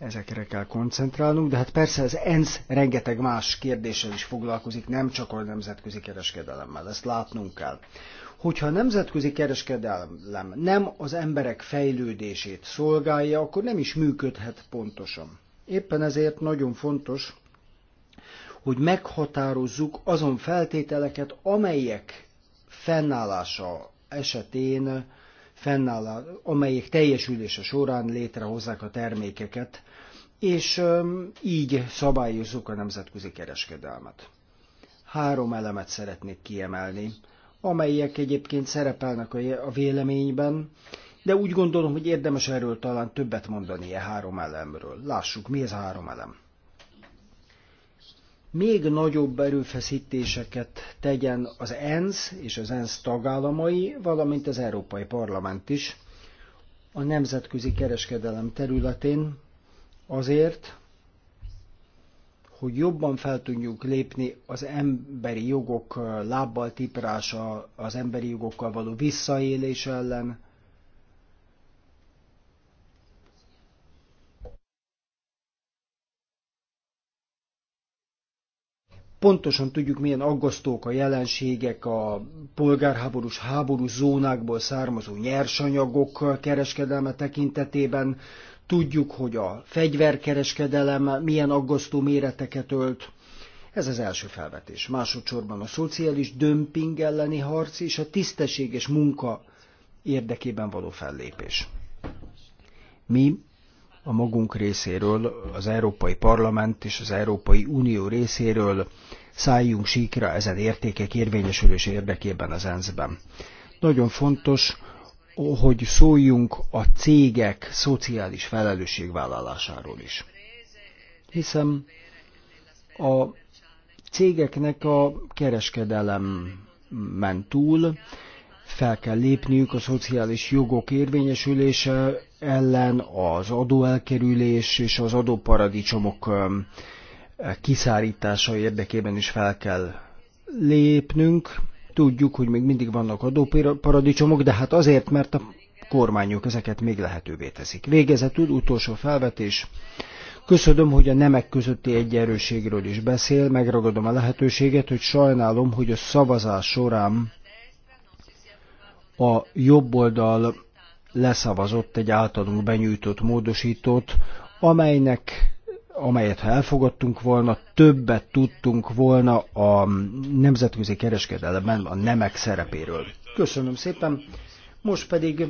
ezekre kell koncentrálnunk, de hát persze az ENSZ rengeteg más kérdéssel is foglalkozik, nem csak a nemzetközi kereskedelemmel, ezt látnunk kell. Hogyha a nemzetközi kereskedelem nem az emberek fejlődését szolgálja, akkor nem is működhet pontosan. Éppen ezért nagyon fontos, hogy meghatározzuk azon feltételeket, amelyek fennállása esetén fennáll, amelyek teljesülése során létrehozzák a termékeket, és így szabályozzuk a nemzetközi kereskedelmet. Három elemet szeretnék kiemelni, amelyek egyébként szerepelnek a véleményben, de úgy gondolom, hogy érdemes erről talán többet mondani e három elemről. Lássuk, mi ez a három elem még nagyobb erőfeszítéseket tegyen az ENSZ és az ENSZ tagállamai, valamint az Európai Parlament is a nemzetközi kereskedelem területén azért, hogy jobban fel tudjuk lépni az emberi jogok lábbal tiprása, az emberi jogokkal való visszaélés ellen, pontosan tudjuk, milyen aggasztók a jelenségek, a polgárháborús háborús zónákból származó nyersanyagok kereskedelme tekintetében, tudjuk, hogy a fegyverkereskedelem milyen aggasztó méreteket ölt. Ez az első felvetés. Másodszorban a szociális dömping elleni harc és a tisztességes munka érdekében való fellépés. Mi a magunk részéről, az Európai Parlament és az Európai Unió részéről szálljunk síkra ezen értékek érvényesülés érdekében az ENSZ-ben. Nagyon fontos, hogy szóljunk a cégek szociális felelősségvállalásáról is. Hiszen a cégeknek a kereskedelem ment túl, fel kell lépniük a szociális jogok érvényesülése ellen, az adóelkerülés és az adóparadicsomok kiszárítása érdekében is fel kell lépnünk. Tudjuk, hogy még mindig vannak adóparadicsomok, de hát azért, mert a kormányok ezeket még lehetővé teszik. Végezetül utolsó felvetés. Köszönöm, hogy a nemek közötti egyenlőségről is beszél, megragadom a lehetőséget, hogy sajnálom, hogy a szavazás során a jobb oldal leszavazott egy általunk benyújtott módosítót, amelynek amelyet ha elfogadtunk volna, többet tudtunk volna a nemzetközi kereskedelemben a nemek szerepéről. Köszönöm szépen. Most pedig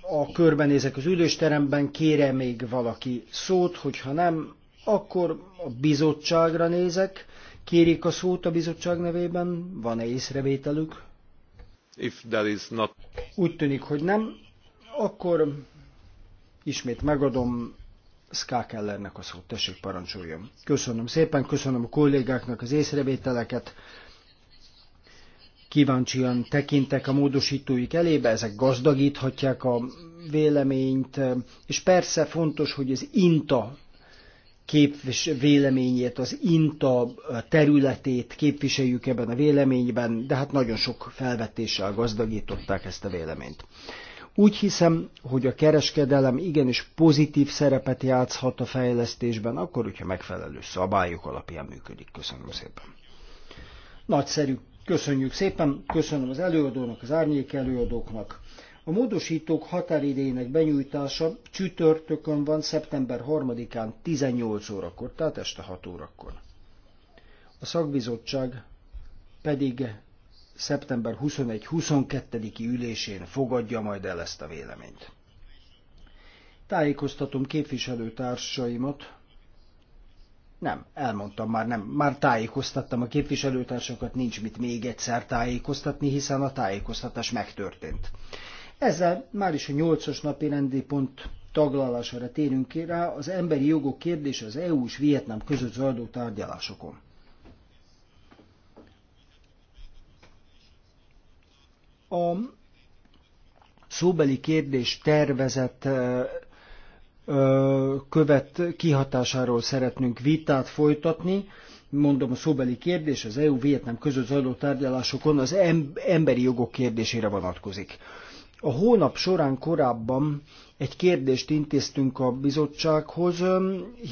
a körbenézek az ülésteremben, kére még valaki szót, hogyha nem, akkor a bizottságra nézek. Kérik a szót a bizottság nevében? Van-e észrevételük? Úgy tűnik, hogy nem. Akkor ismét megadom Ská Kellernek a szót. Tessék, parancsoljon. Köszönöm szépen, köszönöm a kollégáknak az észrevételeket. Kíváncsian tekintek a módosítóik elébe, ezek gazdagíthatják a véleményt, és persze fontos, hogy az INTA képvis, véleményét, az INTA területét képviseljük ebben a véleményben, de hát nagyon sok felvetéssel gazdagították ezt a véleményt. Úgy hiszem, hogy a kereskedelem igenis pozitív szerepet játszhat a fejlesztésben, akkor, hogyha megfelelő szabályok alapján működik. Köszönöm szépen. Nagyszerű. Köszönjük szépen. Köszönöm az előadónak, az árnyék előadóknak. A módosítók határidejének benyújtása csütörtökön van, szeptember 3-án 18 órakor, tehát este 6 órakor. A szakbizottság pedig szeptember 21-22-i ülésén fogadja majd el ezt a véleményt. Tájékoztatom képviselőtársaimat, nem, elmondtam már, nem, már tájékoztattam a képviselőtársakat, nincs mit még egyszer tájékoztatni, hiszen a tájékoztatás megtörtént. Ezzel már is a nyolcas napi rendi pont taglalására térünk ki rá az emberi jogok kérdése az EU és Vietnám között zajló tárgyalásokon. A szóbeli kérdés tervezett követ kihatásáról szeretnünk vitát folytatni. Mondom, a szóbeli kérdés az EU-Vietnám között zajló tárgyalásokon az emberi jogok kérdésére vonatkozik. A hónap során korábban egy kérdést intéztünk a bizottsághoz,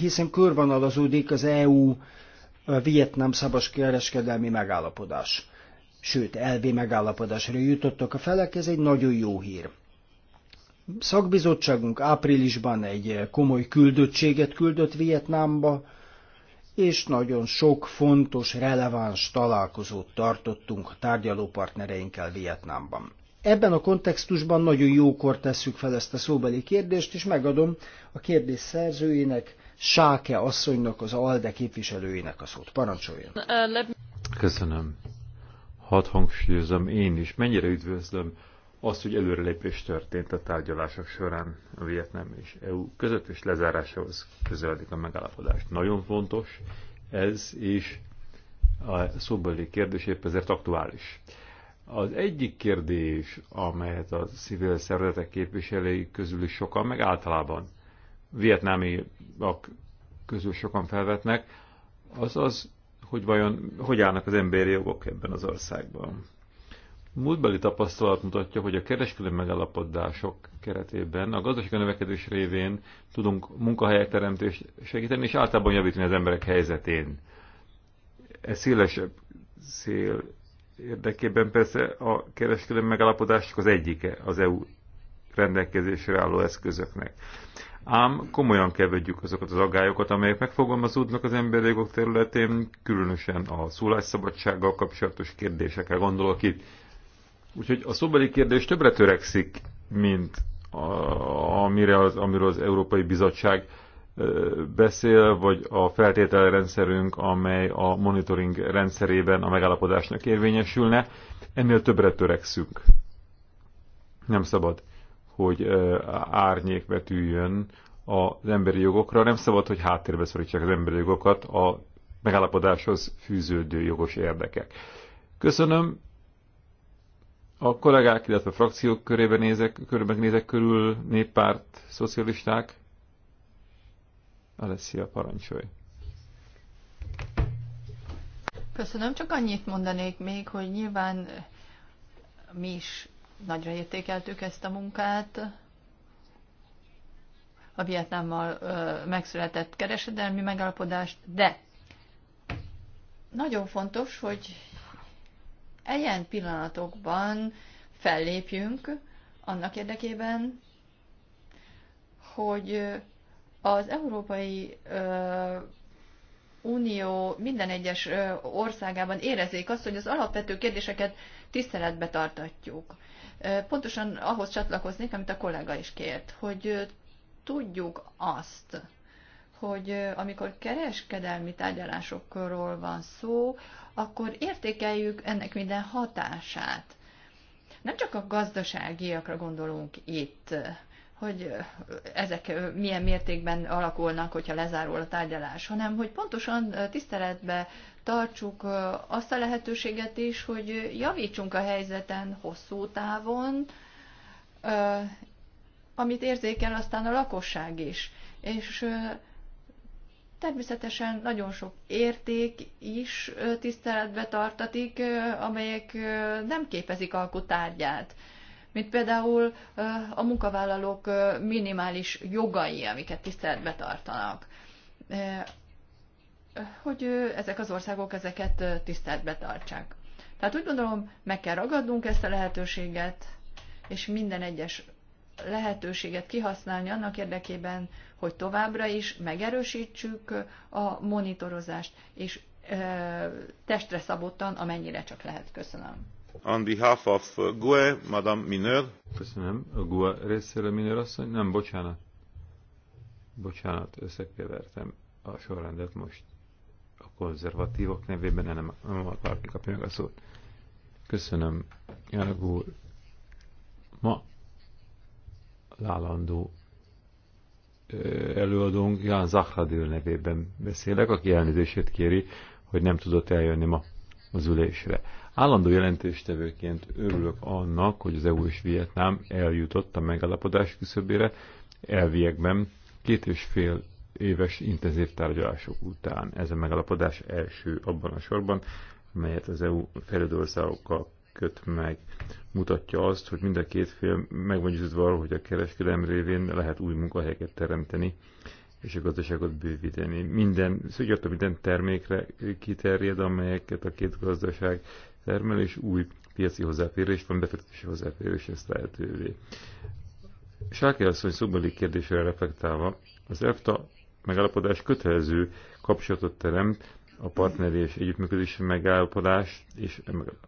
hiszen körvonalazódik az EU Vietnám szabas kereskedelmi megállapodás. Sőt, elvi megállapodásra jutottak a felek, ez egy nagyon jó hír. Szakbizottságunk áprilisban egy komoly küldöttséget küldött Vietnámba, és nagyon sok fontos, releváns találkozót tartottunk tárgyalópartnereinkkel Vietnámban. Ebben a kontextusban nagyon jókor tesszük fel ezt a szóbeli kérdést, és megadom a kérdés szerzőjének, Sáke asszonynak, az ALDE képviselőjének a szót. Parancsoljon! Uh, Köszönöm. Hadd hangsúlyozom én is, mennyire üdvözlöm azt, hogy előrelépés történt a tárgyalások során a Vietnám és EU között, és lezárásához közeledik a megállapodás. Nagyon fontos ez, és a szóbeli kérdés épp ezért aktuális. Az egyik kérdés, amelyet a civil szervezetek képviselői közül is sokan, meg általában vietnámiak közül sokan felvetnek, az az, hogy vajon hogy állnak az emberi jogok ebben az országban. Múltbeli tapasztalat mutatja, hogy a kereskedelmi megállapodások keretében a gazdasági növekedés révén tudunk munkahelyek teremtést segíteni, és általában javítani az emberek helyzetén. Ez szélesebb, szél, érdekében persze a kereskedelmi megállapodások az egyike az EU rendelkezésre álló eszközöknek. Ám komolyan kell vegyük azokat az agályokat, amelyek megfogalmazódnak az emberi jogok területén, különösen a szólásszabadsággal kapcsolatos kérdésekkel gondolok itt. Úgyhogy a szóbeli kérdés többre törekszik, mint a, amire az, amiről az Európai Bizottság beszél, vagy a feltételrendszerünk, amely a monitoring rendszerében a megállapodásnak érvényesülne. Ennél többre törekszünk. Nem szabad, hogy árnyék betűjön az emberi jogokra, nem szabad, hogy háttérbe szorítsák az emberi jogokat a megállapodáshoz fűződő jogos érdekek. Köszönöm. A kollégák, illetve a frakciók körében nézek, körben nézek körül néppárt, szocialisták, Alessia, parancsolj! Köszönöm, csak annyit mondanék még, hogy nyilván mi is nagyra értékeltük ezt a munkát, a Vietnámmal megszületett kereskedelmi megállapodást, de nagyon fontos, hogy ilyen pillanatokban fellépjünk annak érdekében, hogy az Európai Unió minden egyes országában érezzék azt, hogy az alapvető kérdéseket tiszteletbe tartatjuk. Pontosan ahhoz csatlakoznék, amit a kollega is kért, hogy tudjuk azt, hogy amikor kereskedelmi tárgyalásokról van szó, akkor értékeljük ennek minden hatását. Nem csak a gazdaságiakra gondolunk itt, hogy ezek milyen mértékben alakulnak, hogyha lezárul a tárgyalás, hanem hogy pontosan tiszteletbe tartsuk azt a lehetőséget is, hogy javítsunk a helyzeten hosszú távon, amit érzékel aztán a lakosság is. És természetesen nagyon sok érték is tiszteletbe tartatik, amelyek nem képezik alkotárgyát. tárgyát mint például a munkavállalók minimális jogai, amiket tiszteletbe tartanak. Hogy ezek az országok ezeket tiszteletbe tartsák. Tehát úgy gondolom, meg kell ragadnunk ezt a lehetőséget, és minden egyes lehetőséget kihasználni annak érdekében, hogy továbbra is megerősítsük a monitorozást, és testre szabottan, amennyire csak lehet. Köszönöm. On behalf of uh, GUE, Madame Minör. Köszönöm. A GUE részéről Minör asszony? Nem, bocsánat. Bocsánat, összekevertem a sorrendet most. A konzervatívok nevében nem, nem akarni kapja meg a szót. Köszönöm, elnök úr. Ma lálandó előadónk Ján Zahradil nevében beszélek, aki elnézését kéri, hogy nem tudott eljönni ma az ülésre. Állandó jelentéstevőként örülök annak, hogy az EU és Vietnám eljutott a megállapodás küszöbére elviekben két és fél éves intenzív tárgyalások után. Ez a megállapodás első abban a sorban, melyet az EU fejlődő országokkal köt meg. Mutatja azt, hogy mind a két fél meg van arról, hogy a kereskedelem révén lehet új munkahelyeket teremteni, és a gazdaságot bővíteni. Minden, szügyató minden termékre kiterjed, amelyeket a két gazdaság termelés új piaci hozzáférés, van befektetési hozzáférés ezt lehetővé. Sáker asszony szóbeli kérdésre reflektálva, az EFTA megállapodás kötelező kapcsolatot teremt a partneri és együttműködési megállapodás, és,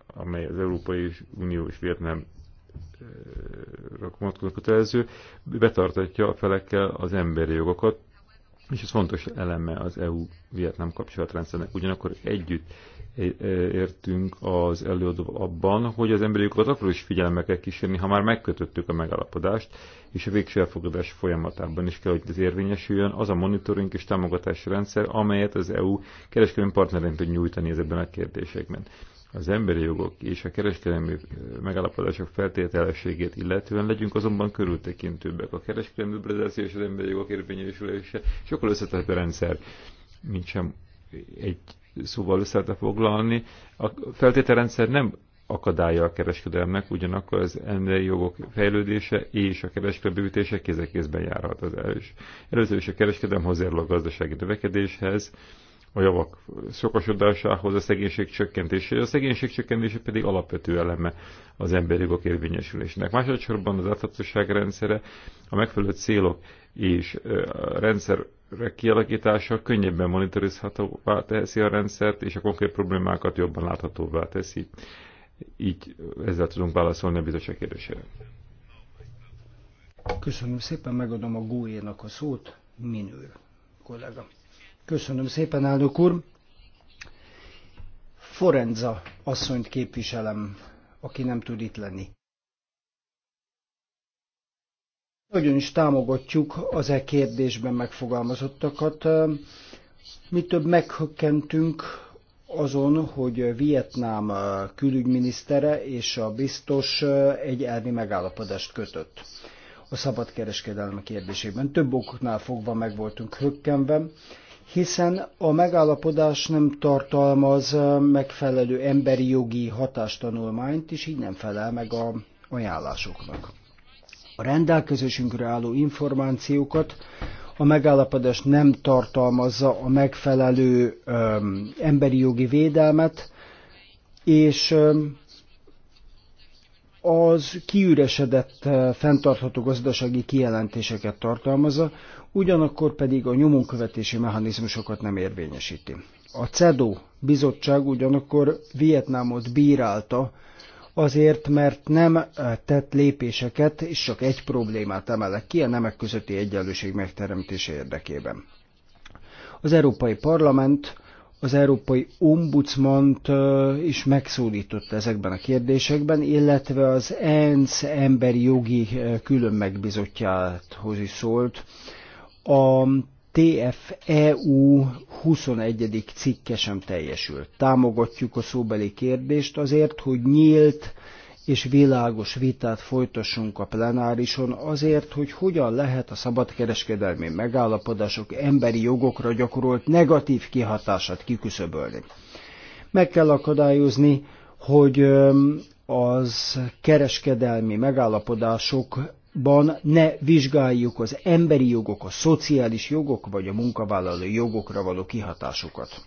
amely az Európai Unió és Vietnám rakomatkozó kötelező, betartatja a felekkel az emberi jogokat, és ez fontos eleme az EU-Vietnám kapcsolatrendszernek. Ugyanakkor együtt értünk az előadó abban, hogy az emberi jogokat akkor is figyelembe kell kísérni, ha már megkötöttük a megállapodást, és a végső elfogadás folyamatában is kell, hogy ez érvényesüljön, az a monitoring és támogatási rendszer, amelyet az EU kereskedelmi partnerén tud nyújtani ezekben a kérdésekben. Az emberi jogok és a kereskedelmi megállapodások feltételességét illetően legyünk azonban körültekintőbbek. A kereskedelmi liberalizáció és az emberi jogok érvényesülése sokkal összetett a rendszer, mint sem egy szóval össze lehetne foglalni. A feltételrendszer nem akadálya a kereskedelmek, ugyanakkor az emberi jogok fejlődése és a kereskedelmi bővítése kézekézben járhat az elős. Először is a kereskedelem hozzájárul a gazdasági növekedéshez, a javak szokosodásához, a szegénység csökkentéséhez. A szegénység csökkentése pedig alapvető eleme az emberi jogok érvényesülésének. Másodszorban az átláthatóság rendszere a megfelelő célok és a rendszer kialakítása könnyebben monitorizhatóvá teszi a rendszert, és a konkrét problémákat jobban láthatóvá teszi. Így ezzel tudunk válaszolni a bizottság kérdésére. Köszönöm szépen, megadom a Góénak a szót, minőr kollega. Köszönöm szépen, elnök úr. Forenza asszonyt képviselem, aki nem tud itt lenni. Nagyon is támogatjuk az e kérdésben megfogalmazottakat. Mi több meghökkentünk azon, hogy Vietnám külügyminisztere és a biztos egy elvi megállapodást kötött a szabadkereskedelem kérdésében. Több oknál fogva meg voltunk hökkenve, hiszen a megállapodás nem tartalmaz megfelelő emberi jogi hatástanulmányt, és így nem felel meg a ajánlásoknak a rendelkezésünkre álló információkat, a megállapodás nem tartalmazza a megfelelő öm, emberi jogi védelmet, és öm, az kiüresedett fenntartható gazdasági kijelentéseket tartalmazza, ugyanakkor pedig a nyomonkövetési mechanizmusokat nem érvényesíti. A CEDO bizottság ugyanakkor Vietnámot bírálta azért, mert nem eh, tett lépéseket, és csak egy problémát emelek ki, a nemek közötti egyenlőség megteremtése érdekében. Az Európai Parlament az Európai Ombudsmant eh, is megszólított ezekben a kérdésekben, illetve az ENSZ emberi jogi eh, külön megbizotjához is szólt. A TFEU 21. cikke sem teljesül. Támogatjuk a szóbeli kérdést azért, hogy nyílt és világos vitát folytassunk a plenárison azért, hogy hogyan lehet a szabadkereskedelmi megállapodások emberi jogokra gyakorolt negatív kihatását kiküszöbölni. Meg kell akadályozni, hogy az kereskedelmi megállapodások ban ne vizsgáljuk az emberi jogok, a szociális jogok vagy a munkavállaló jogokra való kihatásukat.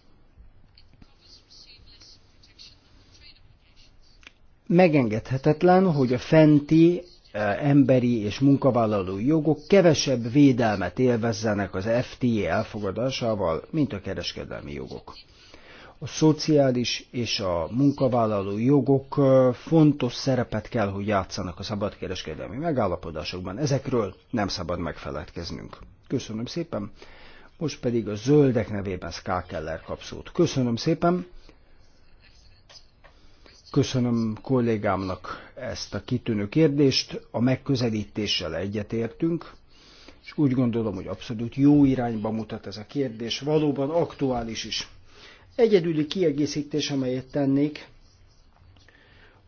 Megengedhetetlen, hogy a fenti e, emberi és munkavállaló jogok kevesebb védelmet élvezzenek az FTA elfogadásával, mint a kereskedelmi jogok a szociális és a munkavállaló jogok fontos szerepet kell, hogy játszanak a szabadkereskedelmi megállapodásokban. Ezekről nem szabad megfeledkeznünk. Köszönöm szépen. Most pedig a zöldek nevében Ská Keller kap szót. Köszönöm szépen. Köszönöm kollégámnak ezt a kitűnő kérdést. A megközelítéssel egyetértünk és úgy gondolom, hogy abszolút jó irányba mutat ez a kérdés, valóban aktuális is. Egyedüli kiegészítés, amelyet tennék,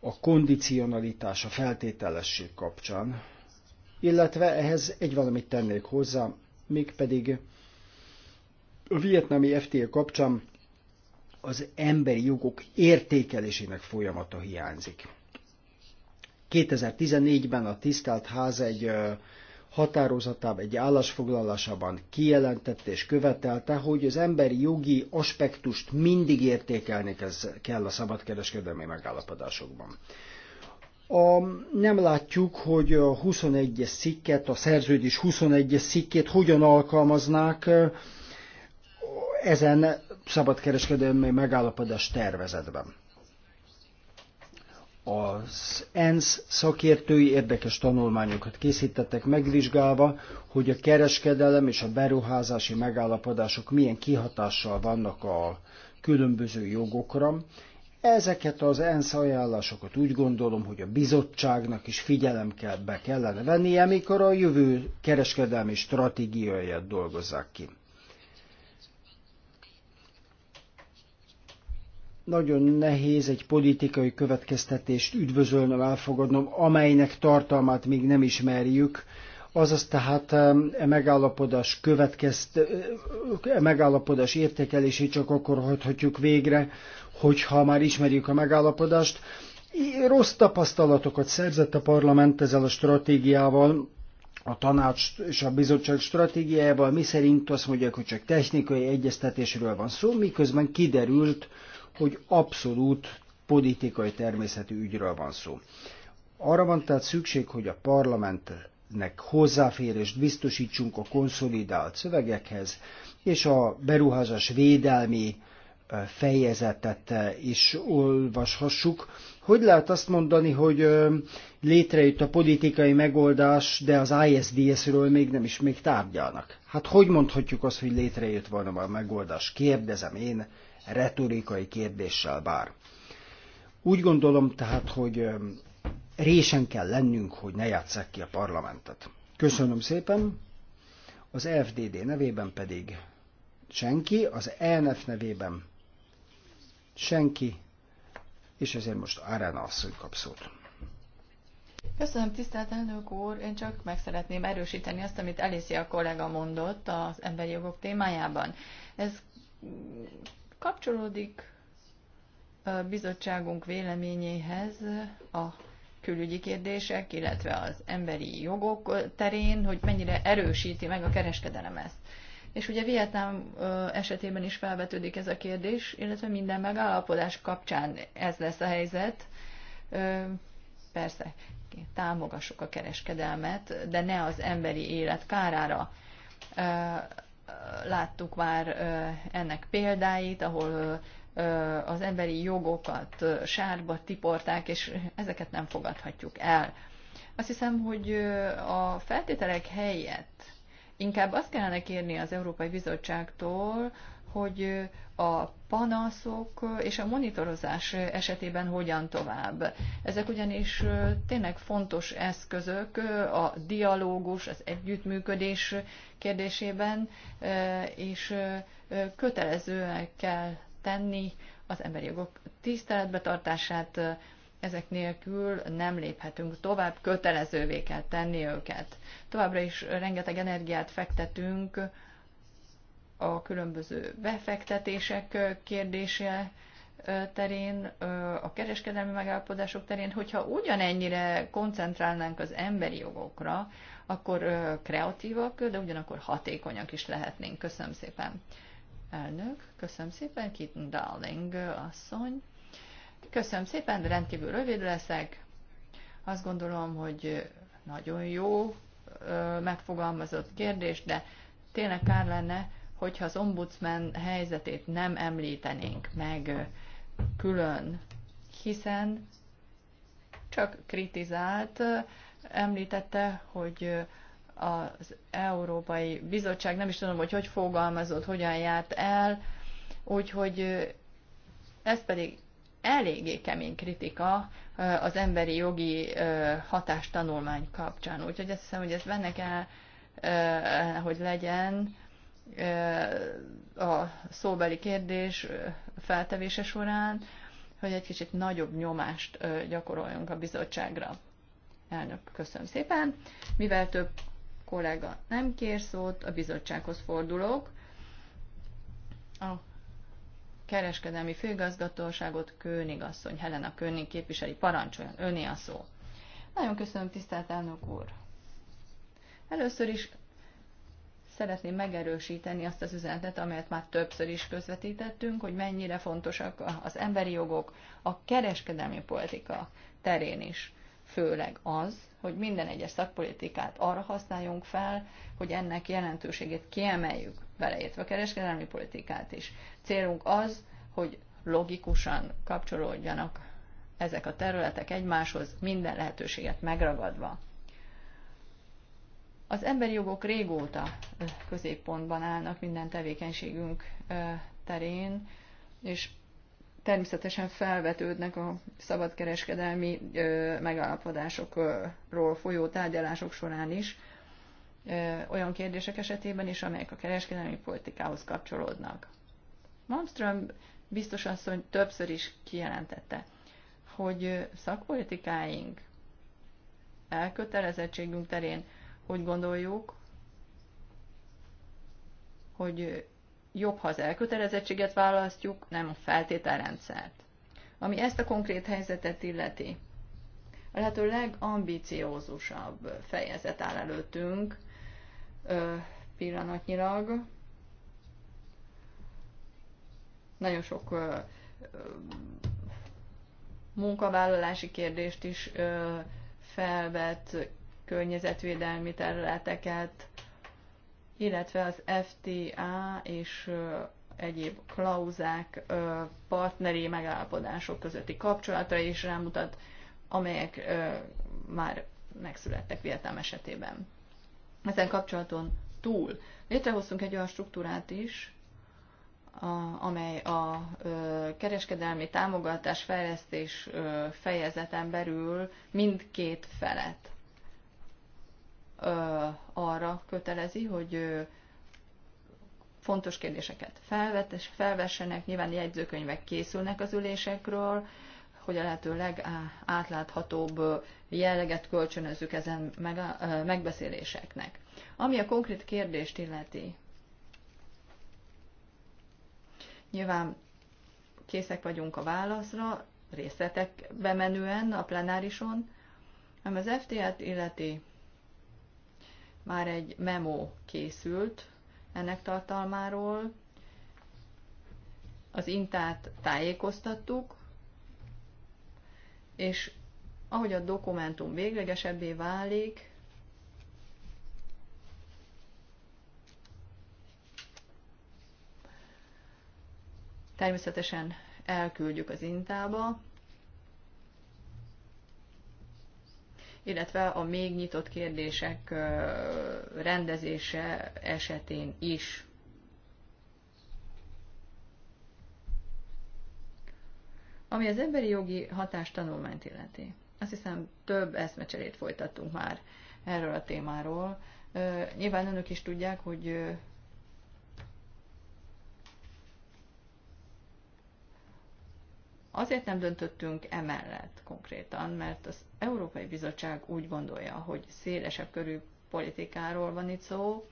a kondicionalitás, a feltételesség kapcsán, illetve ehhez egy valamit tennék hozzá, mégpedig a vietnámi FTA kapcsán az emberi jogok értékelésének folyamata hiányzik. 2014-ben a tisztelt ház egy határozatában, egy állásfoglalásában kijelentette és követelte, hogy az emberi jogi aspektust mindig értékelni kell a szabadkereskedelmi megállapodásokban. A, nem látjuk, hogy a 21-es szikket, a szerződés 21-es szikkét hogyan alkalmaznák ezen szabadkereskedelmi megállapodás tervezetben az ENSZ szakértői érdekes tanulmányokat készítettek megvizsgálva, hogy a kereskedelem és a beruházási megállapodások milyen kihatással vannak a különböző jogokra. Ezeket az ENSZ ajánlásokat úgy gondolom, hogy a bizottságnak is figyelembe kellene vennie, amikor a jövő kereskedelmi stratégiáját dolgozzák ki. Nagyon nehéz egy politikai következtetést üdvözölnöm, elfogadnom, amelynek tartalmát még nem ismerjük. Azaz tehát e megállapodás, következt, e megállapodás értékelését csak akkor hagyhatjuk végre, hogyha már ismerjük a megállapodást. Rossz tapasztalatokat szerzett a parlament ezzel a stratégiával, a tanács és a bizottság stratégiájával, mi szerint azt mondják, hogy csak technikai egyeztetésről van szó, miközben kiderült, hogy abszolút politikai természetű ügyről van szó. Arra van tehát szükség, hogy a parlamentnek hozzáférést biztosítsunk a konszolidált szövegekhez, és a beruházás védelmi fejezetet is olvashassuk. Hogy lehet azt mondani, hogy létrejött a politikai megoldás, de az ISDS-ről még nem is még tárgyalnak? Hát hogy mondhatjuk azt, hogy létrejött volna a megoldás? Kérdezem én, retorikai kérdéssel bár. Úgy gondolom tehát, hogy résen kell lennünk, hogy ne játsszák ki a parlamentet. Köszönöm szépen, az FDD nevében pedig senki, az ENF nevében senki, és ezért most Arena asszony kap szót. Köszönöm, tisztelt elnök úr! Én csak meg szeretném erősíteni azt, amit Alicia kollega mondott az emberi jogok témájában. Ez kapcsolódik a bizottságunk véleményéhez a külügyi kérdések, illetve az emberi jogok terén, hogy mennyire erősíti meg a kereskedelem ezt. És ugye Vietnám esetében is felvetődik ez a kérdés, illetve minden megállapodás kapcsán ez lesz a helyzet. Persze, támogassuk a kereskedelmet, de ne az emberi élet kárára láttuk már ennek példáit, ahol az emberi jogokat sárba tiporták, és ezeket nem fogadhatjuk el. Azt hiszem, hogy a feltételek helyett inkább azt kellene kérni az Európai Bizottságtól, hogy a panaszok és a monitorozás esetében hogyan tovább. Ezek ugyanis tényleg fontos eszközök a dialógus, az együttműködés kérdésében, és kötelezően kell tenni az emberi jogok tartását, ezek nélkül nem léphetünk tovább, kötelezővé kell tenni őket. Továbbra is rengeteg energiát fektetünk a különböző befektetések kérdése terén, a kereskedelmi megállapodások terén, hogyha ugyanennyire koncentrálnánk az emberi jogokra, akkor kreatívak, de ugyanakkor hatékonyak is lehetnénk. Köszönöm szépen. Elnök, köszönöm szépen, Kitten Darling asszony. Köszönöm szépen, de rendkívül rövid leszek. Azt gondolom, hogy nagyon jó megfogalmazott kérdés, de tényleg kár lenne, hogyha az ombudsman helyzetét nem említenénk meg külön, hiszen csak kritizált, említette, hogy az Európai Bizottság, nem is tudom, hogy hogy fogalmazott, hogyan járt el, úgyhogy ez pedig eléggé kemény kritika az emberi jogi hatástanulmány kapcsán. Úgyhogy azt hiszem, hogy ez benne kell, hogy legyen, a szóbeli kérdés feltevése során, hogy egy kicsit nagyobb nyomást gyakoroljunk a bizottságra. Elnök, köszönöm szépen. Mivel több kollega nem kér szót, a bizottsághoz fordulok. A kereskedelmi főigazgatóságot König asszony, Helena König képviseli, parancsoljon, öné a szó. Nagyon köszönöm, tisztelt elnök úr. Először is szeretném megerősíteni azt az üzenetet, amelyet már többször is közvetítettünk, hogy mennyire fontosak az emberi jogok a kereskedelmi politika terén is. Főleg az, hogy minden egyes szakpolitikát arra használjunk fel, hogy ennek jelentőségét kiemeljük, beleértve a kereskedelmi politikát is. Célunk az, hogy logikusan kapcsolódjanak ezek a területek egymáshoz, minden lehetőséget megragadva. Az emberi jogok régóta középpontban állnak minden tevékenységünk terén, és természetesen felvetődnek a szabadkereskedelmi megállapodásokról folyó tárgyalások során is olyan kérdések esetében is, amelyek a kereskedelmi politikához kapcsolódnak. Malmström biztos asszony többször is kijelentette, hogy szakpolitikáink, elkötelezettségünk terén úgy gondoljuk, hogy jobb, ha az elkötelezettséget választjuk, nem a feltételrendszert. Ami ezt a konkrét helyzetet illeti, a lehető legambiciózusabb fejezet áll előttünk pillanatnyilag. Nagyon sok munkavállalási kérdést is felvet, környezetvédelmi területeket, illetve az FTA és egyéb klauzák, partneri megállapodások közötti kapcsolatra is rámutat, amelyek már megszülettek Vietnám esetében. Ezen kapcsolaton túl létrehoztunk egy olyan struktúrát is, amely a kereskedelmi támogatás fejlesztés fejezeten belül mindkét felet arra kötelezi, hogy fontos kérdéseket felvetes, felvessenek, nyilván jegyzőkönyvek készülnek az ülésekről, hogy a lehető legátláthatóbb jelleget kölcsönözzük ezen megbeszéléseknek. Ami a konkrét kérdést illeti, nyilván készek vagyunk a válaszra, részletekbe menően a plenárison, ami az FTA-t illeti, már egy memo készült ennek tartalmáról. Az intát tájékoztattuk, és ahogy a dokumentum véglegesebbé válik, természetesen elküldjük az intába, illetve a még nyitott kérdések rendezése esetén is. Ami az emberi jogi tanulmányt illeti. Azt hiszem, több eszmecserét folytattunk már erről a témáról. Nyilván önök is tudják, hogy Azért nem döntöttünk emellett konkrétan, mert az Európai Bizottság úgy gondolja, hogy szélesebb körű politikáról van itt szó.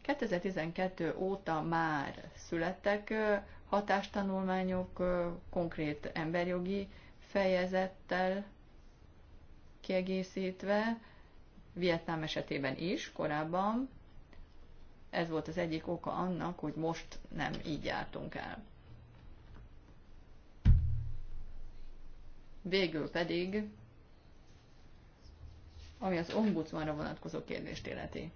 2012 óta már születtek hatástanulmányok konkrét emberjogi fejezettel kiegészítve, Vietnám esetében is korábban. Ez volt az egyik oka annak, hogy most nem így jártunk el. Végül pedig, ami az ombudsmanra vonatkozó kérdést életi.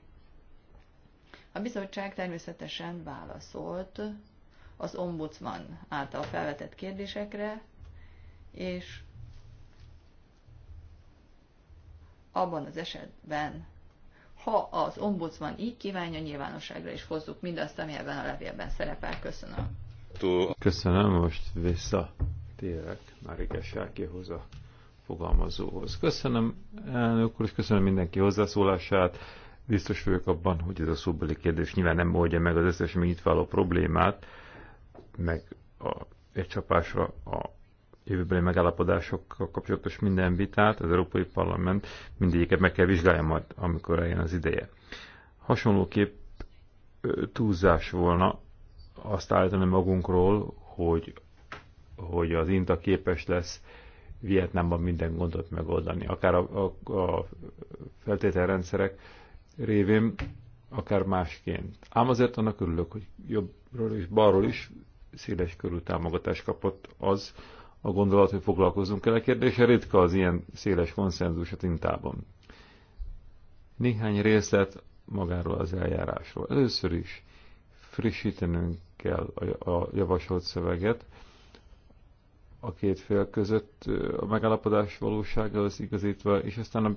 A bizottság természetesen válaszolt az ombudsman által felvetett kérdésekre, és abban az esetben, ha az ombudsman így kívánja, nyilvánosságra is hozzuk mindazt, ami ebben a levélben szerepel. Köszönöm. Köszönöm, most vissza térek már Sákihoz a fogalmazóhoz. Köszönöm elnök úr, és köszönöm mindenki hozzászólását. Biztos vagyok abban, hogy ez a szóbeli kérdés nyilván nem oldja meg az összes még itt váló problémát, meg a, egy csapásra a jövőbeli megállapodásokkal kapcsolatos minden vitát, az Európai Parlament mindegyiket meg kell vizsgálja majd, amikor eljön az ideje. Hasonlóképp túlzás volna azt állítani magunkról, hogy hogy az INTA képes lesz Vietnámban minden gondot megoldani, akár a, a, a feltételrendszerek révén, akár másként. Ám azért annak örülök, hogy jobbról és balról is széles körű támogatást kapott az a gondolat, hogy foglalkozunk el a kérdése, ritka az ilyen széles konszenzus a tintában. Néhány részlet magáról az eljárásról. Először is frissítenünk kell a, a javasolt szöveget, a két fél között a megállapodás valósága az igazítva, és aztán a,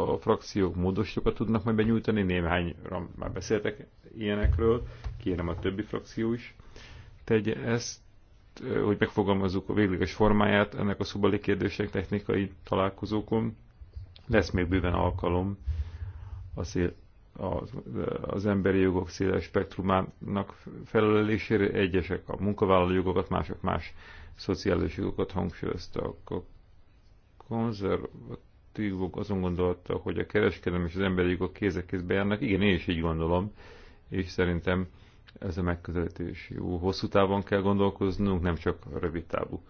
a frakciók módosokat tudnak majd benyújtani, néhányra már beszéltek ilyenekről, kérem a többi frakció is tegye ezt, hogy megfogalmazzuk a végleges formáját ennek a szubali kérdések technikai találkozókon. Lesz még bőven alkalom a szél, az, az emberi jogok széles spektrumának felelésére, egyesek a munkavállalói jogokat, mások más szociális jogokat hangsúlyozta. A konzervatívok azon gondolta, hogy a kereskedelem és az emberi jogok kézek kézbe járnak. Igen, én is így gondolom, és szerintem ez a megközelítés jó. Hosszú távon kell gondolkoznunk, nem csak rövid távú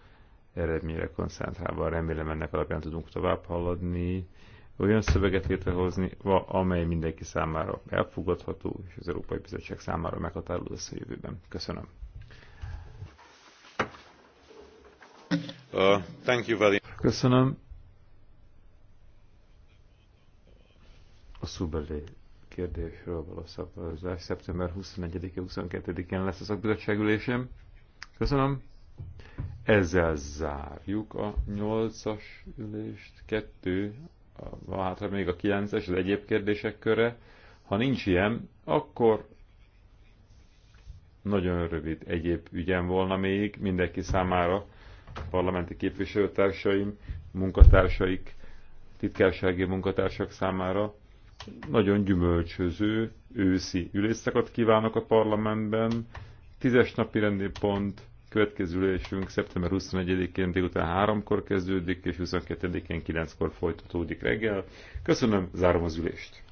eredményre koncentrálva. Remélem ennek alapján tudunk tovább haladni, olyan szöveget létrehozni, amely mindenki számára elfogadható, és az Európai Bizottság számára meghatározó lesz a jövőben. Köszönöm. Uh, Köszönöm. A szubelé kérdésről való szavazás szeptember 21-22-én lesz a szakbizottságülésem. Köszönöm. Ezzel zárjuk a 8-as ülést, 2, van hátra még a 9-es, az egyéb kérdések köre. Ha nincs ilyen, akkor nagyon rövid egyéb ügyem volna még mindenki számára parlamenti képviselőtársaim, munkatársaik, titkársági munkatársak számára nagyon gyümölcsöző őszi ülésszakat kívánok a parlamentben. Tízes napi rendi pont, következő ülésünk szeptember 21-én délután 3-kor kezdődik, és 22-én 9-kor folytatódik reggel. Köszönöm, zárom az ülést!